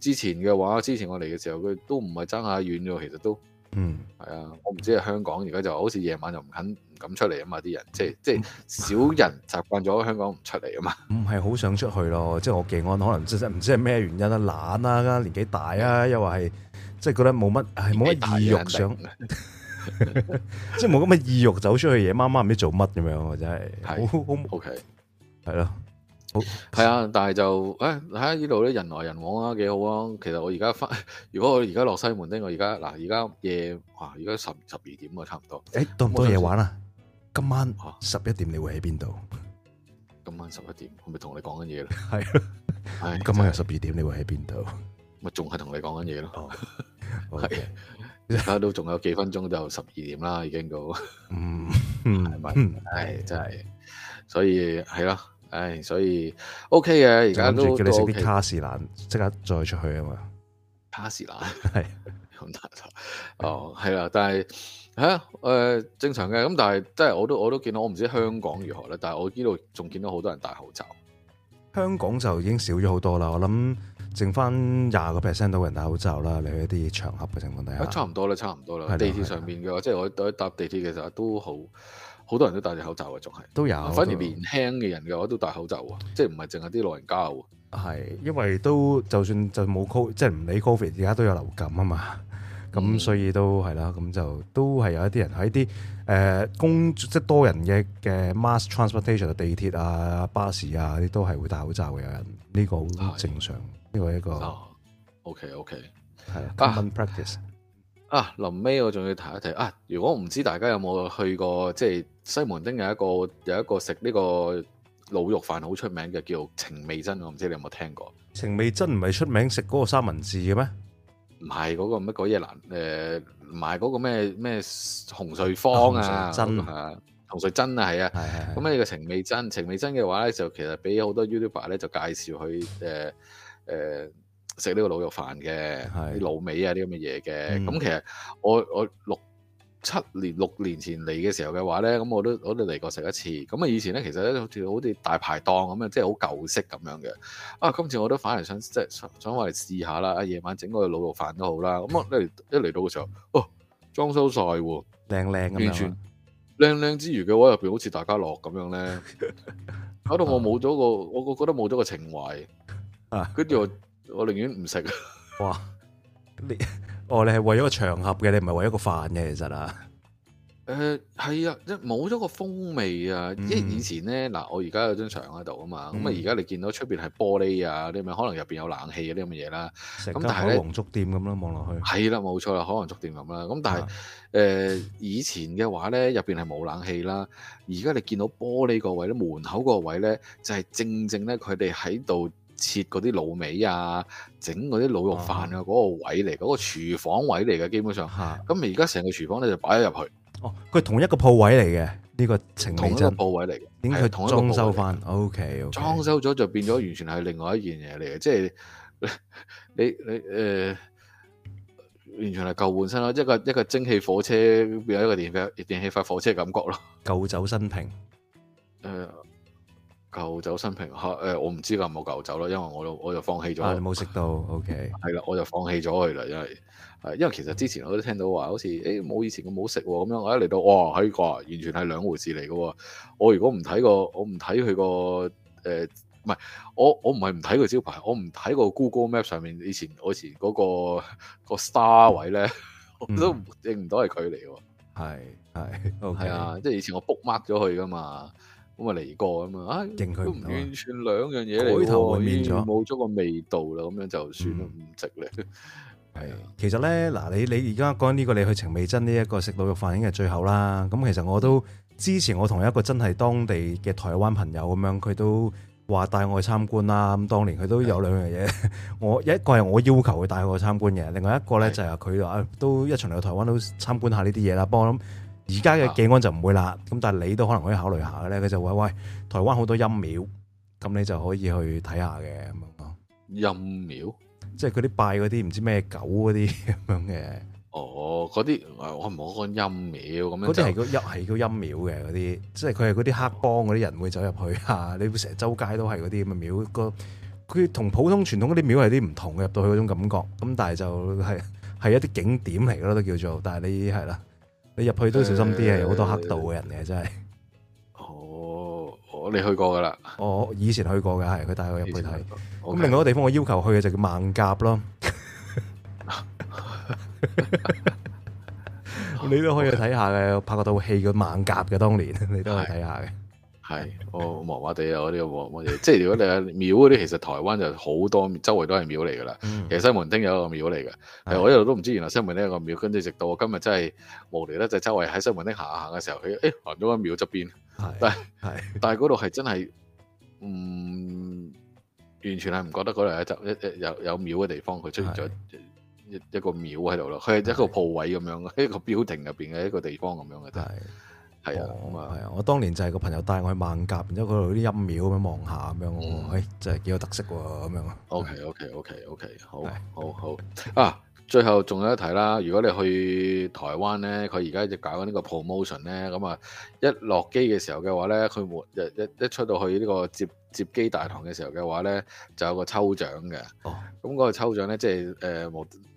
[SPEAKER 2] 之前嘅話，之前我嚟嘅時候，佢都唔係爭下遠咗。其實都，嗯，係啊，我唔知係香港而家就好似夜晚就唔肯唔敢出嚟啊嘛，啲人即係即係少人習慣咗香港唔出嚟啊嘛。
[SPEAKER 1] 唔係好想出去咯，即係我嘅安可能真真唔知係咩原因啊，懶啊，年紀大啊，又話係即係覺得冇乜係冇乜意欲想， 即係冇咁嘅意欲走出去夜媽媽唔知做乜咁樣，真係係 OK 係咯、啊。好係
[SPEAKER 2] 啊，但係就誒睇下呢度咧，人來人往啊，幾好啊。其實我而家翻，如果我而家落西門町，我而家嗱，而家夜哇，而家十十二點啊，差唔多。誒、
[SPEAKER 1] 欸，多唔多嘢、嗯、玩啊？今晚十一點你會喺邊度？
[SPEAKER 2] 今晚十一點，我咪同你講緊嘢咯。
[SPEAKER 1] 係、啊就是，今晚又十二點你會喺邊度？咪仲係
[SPEAKER 2] 同你講緊嘢咯。係、哦，而家都仲有幾分鐘就十二點啦，已經到。嗯係咪？係、嗯、真係，所以係咯。唉，所以 OK 嘅，而家都叫你食啲卡
[SPEAKER 1] 士蘭，即刻再出去啊嘛！卡士蘭係咁大
[SPEAKER 2] 套哦，係啦，但係嚇誒正常嘅，咁但係即係我都我都見到，我唔知香港如何咧，但係我呢度仲見到好多人戴口罩。
[SPEAKER 1] 香港就已經少咗好多啦，我諗剩翻廿個 percent 到人戴口罩啦。你去一啲場合嘅情況底下，差
[SPEAKER 2] 唔多啦，差唔多啦。喺地鐵上面嘅話，即係我我搭地鐵嘅時候都好。好多人都戴住口罩啊，仲係
[SPEAKER 1] 都有。反而年
[SPEAKER 2] 輕嘅人嘅話，都戴口罩啊，即係唔係淨係啲老
[SPEAKER 1] 人家喎。係，因為都就算就冇 co，即係唔理 covid 而家都有流感啊嘛。咁所以都係、嗯、啦，咁就都係有一啲人喺啲誒公即係多人嘅嘅 mass transportation、地鐵啊、巴士啊，啲都係會戴口罩嘅有人。呢、這個好正常，呢、這個係一個。啊、OK OK，係、啊、common practice
[SPEAKER 2] 啊，臨尾我仲要提一提啊！如果唔知大家有冇去過，即係西門町有一個有一個食呢個滷肉飯好出名嘅，叫程美珍。我唔知你有冇聽過？
[SPEAKER 1] 程美珍，唔係出名食嗰個三文治嘅咩？唔
[SPEAKER 2] 係嗰個乜鬼嘢啦，誒唔係嗰個咩咩、呃、洪瑞芳啊？真係、啊那個，洪瑞珍啊，係啊。咁、那個啊那個、呢個程美珍，程美珍嘅話咧，就其實俾好多 YouTuber 咧就介紹佢誒誒。呃呃食呢個滷肉飯嘅，啲滷味啊啲咁嘅嘢嘅，咁、嗯、其實我我六七年六年前嚟嘅時候嘅話咧，咁我都我都嚟過食一次，咁啊以前咧其實咧好似好似大排檔咁樣，即係好舊式咁樣嘅，啊今次我都反而想即係想我嚟試下啦，啊夜晚整個滷肉飯都好啦，咁 我嚟一嚟到嘅時候，哦裝修晒，靚靚，完全靚靚之餘嘅話，入邊好似大家樂咁樣咧，搞 到 我冇咗個，我我覺得冇咗個情懷，啊，跟住。我、嗯。我寧願唔食。
[SPEAKER 1] 哇！你哦，你係為咗個場合嘅，你唔係為咗一個飯嘅其實啊。
[SPEAKER 2] 誒、呃、係啊，冇咗個風味啊！一、嗯、以前咧，嗱、啊，我而家有張牆喺度啊嘛，咁、嗯、啊，而家你見到出邊係玻璃啊，你咪可能入邊有冷氣嗰啲咁嘅嘢啦。咁、嗯啊啊、但係咧、啊，海皇
[SPEAKER 1] 粥店咁、啊、啦，望落去
[SPEAKER 2] 係啦，冇錯啦，海皇粥店咁啦。咁但係誒，以前嘅話咧，入邊係冇冷氣啦、啊。而家你見到玻璃個位咧，門口個位咧，就係、是、正正咧，佢哋喺度。切嗰啲鹵味啊，整嗰啲鹵肉飯啊，嗰個位嚟，嗰、哦，那個廚房位嚟嘅，基本上。係、啊。咁而家成個廚房咧就擺咗入去。哦。
[SPEAKER 1] 佢同一個鋪位嚟嘅，呢、這個程美珍同一個鋪位嚟嘅。點解佢裝修翻？O K O K
[SPEAKER 2] 裝修咗就變咗完全係另外一件嘢，嚟嘅， 即係你你誒、呃，完全係舊換新咯，一個一個蒸汽火車變咗一個電電氣化火車嘅感覺咯。
[SPEAKER 1] 舊酒新瓶。誒、
[SPEAKER 2] 呃。舊酒新瓶，吓、哎、誒，我唔知啦，冇舊酒啦，因為我我就放棄咗。啊，冇
[SPEAKER 1] 食到，OK，
[SPEAKER 2] 係啦，我就放棄咗佢啦，因為誒，因為其實之前我都聽到話，好似誒冇以前咁好食咁樣，我一嚟到，哇，係啩、這個，完全係兩回事嚟噶。我如果唔睇個，我唔睇佢個誒，唔、呃、係，我我唔係唔睇佢招牌，我唔睇個 Google Map 上面以前以前嗰、那個、那個 Star 位咧，嗯、我都認唔到係佢嚟。係係，係啊，即、okay、係以前我 book mark 咗佢噶嘛。咁啊嚟過啊嘛，哎、完全兩樣嘢嚟喎，改頭換面咗，冇咗個味道啦，咁、嗯、樣就算啦，唔值咧。係啊，
[SPEAKER 1] 其實咧嗱，你你而家講呢個你去程美珍呢一個食滷肉飯已經係最後啦。咁其實我都之前我同一個真係當地嘅台灣朋友咁樣，佢都話帶我去參觀啦。咁當年佢都有兩樣嘢，是的我一個係我要求佢帶我去參觀嘅，另外一個咧就係佢話都一場嚟台灣都參觀下呢啲嘢啦，不過我諗。而家嘅警官就唔會啦，咁、啊、但係你都可能可以考慮一下嘅咧。佢就喂喂，台灣好多陰廟，咁你就可以去睇下嘅咁樣。陰廟即係嗰啲拜嗰啲唔知咩狗嗰啲咁樣
[SPEAKER 2] 嘅。哦，嗰啲我唔好講陰廟咁樣。嗰啲係嗰陰係陰廟嘅
[SPEAKER 1] 嗰啲，即係佢係嗰啲黑幫嗰啲人會走入去、嗯、啊！你會成日周街都係嗰啲咁嘅廟佢同、那個、普通傳統嗰啲廟係啲唔同嘅，入到去嗰種感覺。咁但係就係、是、係一啲景點嚟咯，都叫做。但係你係啦。你入去都小心啲，有、欸、好多黑道嘅人嘅，真係。哦，我你去過噶啦，我以前去過嘅，係佢帶我入去睇。咁、okay. 另外一個地方，我要求去嘅就叫猛甲咯。 你都可以去睇下嘅， 拍過套戲叫《猛甲》嘅，當年你都可以睇下嘅。
[SPEAKER 2] 係，我麻麻地啊，我呢、這個麻麻地，這個這個、 即係如果你係廟嗰啲，其實台灣就好多，周圍都係廟嚟噶啦。其實西門町有一個廟嚟噶，其實我一路都唔知原來西門町有個廟，跟住直到我今日真係無厘咧，就是、周圍喺西門町行行嘅時候，佢誒行咗個廟側邊，係，但係嗰度係真係唔、嗯、完全係唔覺得嗰度有一有有廟嘅地方，佢出現咗一一個廟喺度咯，佢係一個鋪位咁樣嘅，一個 building 入邊嘅一個地方咁樣嘅
[SPEAKER 1] 係啊，係、哦、啊、嗯，我當年就係個朋友帶我去孟甲，然之後嗰度啲陰廟咁樣望下咁樣，誒、嗯哎，真係幾有特色喎，咁樣。OK OK OK OK，好，好，好，好。
[SPEAKER 2] 啊，最後仲有一提啦，如果你去台灣咧，佢而家就搞緊呢個 promotion 咧，咁啊，一落機嘅時候嘅話咧，佢冇一一出到去呢個接接機大堂嘅時候嘅話咧，就有個抽奬嘅。哦。咁、那、嗰個抽奬咧，即係誒，我、呃。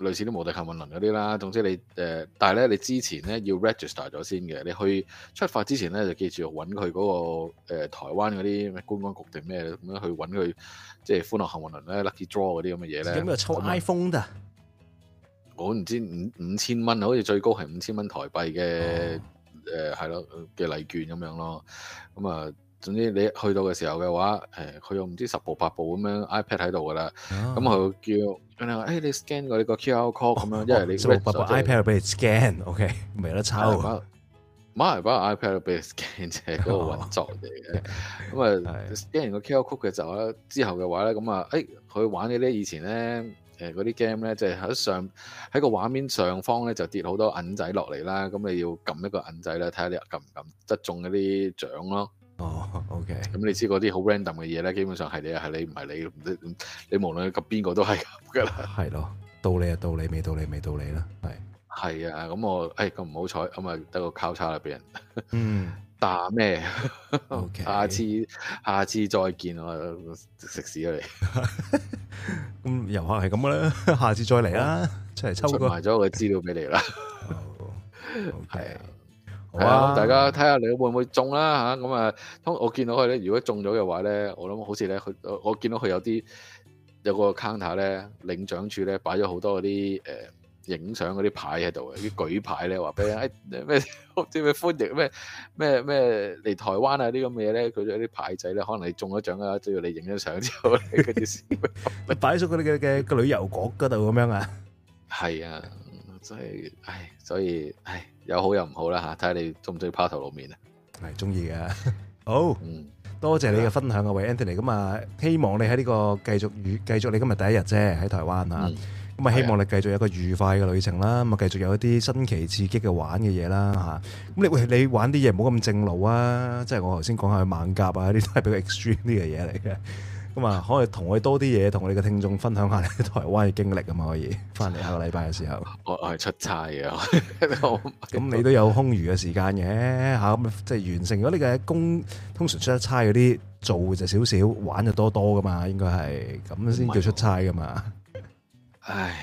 [SPEAKER 2] 類似啲無敵幸運輪嗰啲啦，總之你誒、呃，但係咧你之前咧要 register 咗先嘅，你去出發之前咧就記住揾佢嗰個、呃、台灣嗰啲咩觀光局定咩咁樣去揾佢，即係歡樂幸運輪咧 lucky draw 嗰啲咁嘅嘢咧。咁樣抽
[SPEAKER 1] iPhone 噶？
[SPEAKER 2] 我唔知五五千蚊，好似最高係五千蚊台幣嘅誒係咯嘅禮券咁樣咯，咁啊。總之，你去到嘅時候嘅話，誒、欸，佢又唔知十部八部咁樣 iPad 喺度噶啦。咁、啊、佢叫你、欸、你 scan 我呢個 QR code 咁、哦、樣、哦，因、哦、係你部 iPad
[SPEAKER 1] 俾你 scan，OK，okay，未得抽啊！
[SPEAKER 2] 馬來巴 iPad 俾你 scan 就係嗰個運作嚟嘅。咁、哦、啊、嗯，scan 完個 QR code 嘅時候咧，之後嘅話咧，咁啊，誒、欸，佢玩啲以前咧，誒嗰啲 game 咧，就喺、是、上喺個畫面上方咧就跌好多銀仔落嚟啦。咁你要撳一個銀仔咧，睇下你撳唔撳，得中嗰啲獎咯。哦、oh,，OK，咁、嗯、你知嗰啲好 random 嘅嘢咧，基本上係你係你唔係你，你，你無論及邊個都係噶啦，係咯，
[SPEAKER 1] 到你啊到你，未到你未到你啦，
[SPEAKER 2] 係係啊，咁我誒咁唔好彩，咁啊得個交叉入人。嗯，哎這 mm. 打咩？OK，下次下次再見，我
[SPEAKER 1] 食屎啊你，咁遊客係咁噶啦，下次再嚟啦、嗯，出嚟抽埋咗個資料俾你啦、
[SPEAKER 2] oh,，OK。係啊，咁大家睇下你會唔會中啦嚇，咁啊，通我見到佢咧，如果中咗嘅話咧，我諗好似咧，佢我見到佢有啲有個 counter 咧，領獎處咧擺咗好多嗰啲誒影相嗰啲牌喺度嘅，啲舉牌咧話俾人誒咩，即、哎、係歡迎咩咩咩嚟台灣啊啲咁嘅嘢咧，佢有啲牌仔咧，可能你中咗獎了 啊，就要你影咗相之後
[SPEAKER 1] 嗰啲事。擺喺咗嗰啲嘅嘅旅遊局嗰度咁樣啊。係
[SPEAKER 2] 啊，真係，唉，所以，唉。有好又唔好啦吓，睇下你中唔中意拋頭露面啊？
[SPEAKER 1] 係中意嘅，好、嗯，多謝你嘅分享啊，喂 Anthony 咁、嗯、啊，希望你喺呢個繼續愉，繼續你今日第一日啫，喺台灣啊，咁啊，希望你繼續有一個愉快嘅旅程啦，咁啊，繼續有一啲新奇刺激嘅玩嘅嘢啦，吓、啊，咁你喂，你玩啲嘢唔好咁正路啊，即係我頭先講下猛甲啊，呢啲都係比較 extreme 啲嘅嘢嚟嘅。咁啊，可以同我哋多啲嘢，同我哋嘅聽眾分享下你台灣嘅經歷咁嘛，可以翻嚟下個禮拜嘅時候，
[SPEAKER 2] 我係出差嘅，咁 你都有
[SPEAKER 1] 空餘嘅時間嘅吓，咁即係完成咗呢個工，通常出一差嗰啲做就少少，玩就多多噶嘛，應該係咁先叫出差噶嘛。 唉，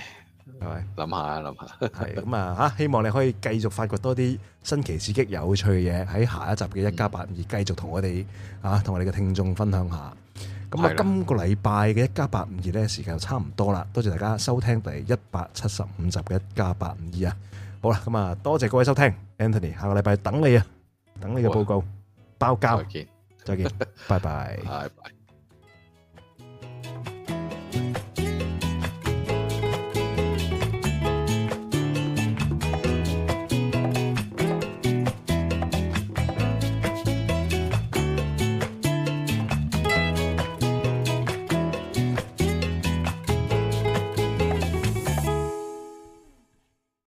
[SPEAKER 1] 係咪諗下諗、啊、下，係咁啊吓，希望你可以繼續發掘多啲新奇、刺激、有趣嘅嘢，喺下一集嘅一家八五二繼續同我哋、嗯、啊，同我哋嘅聽眾分享一下。咁啊，今個禮拜嘅一加八五二咧，時間就差唔多啦。多謝大家收聽第一百七十五集嘅一加八五二啊！好啦，咁啊，多謝各位收聽，Anthony，下個禮拜等你啊，等你嘅報告，包教，再見，拜拜，拜拜。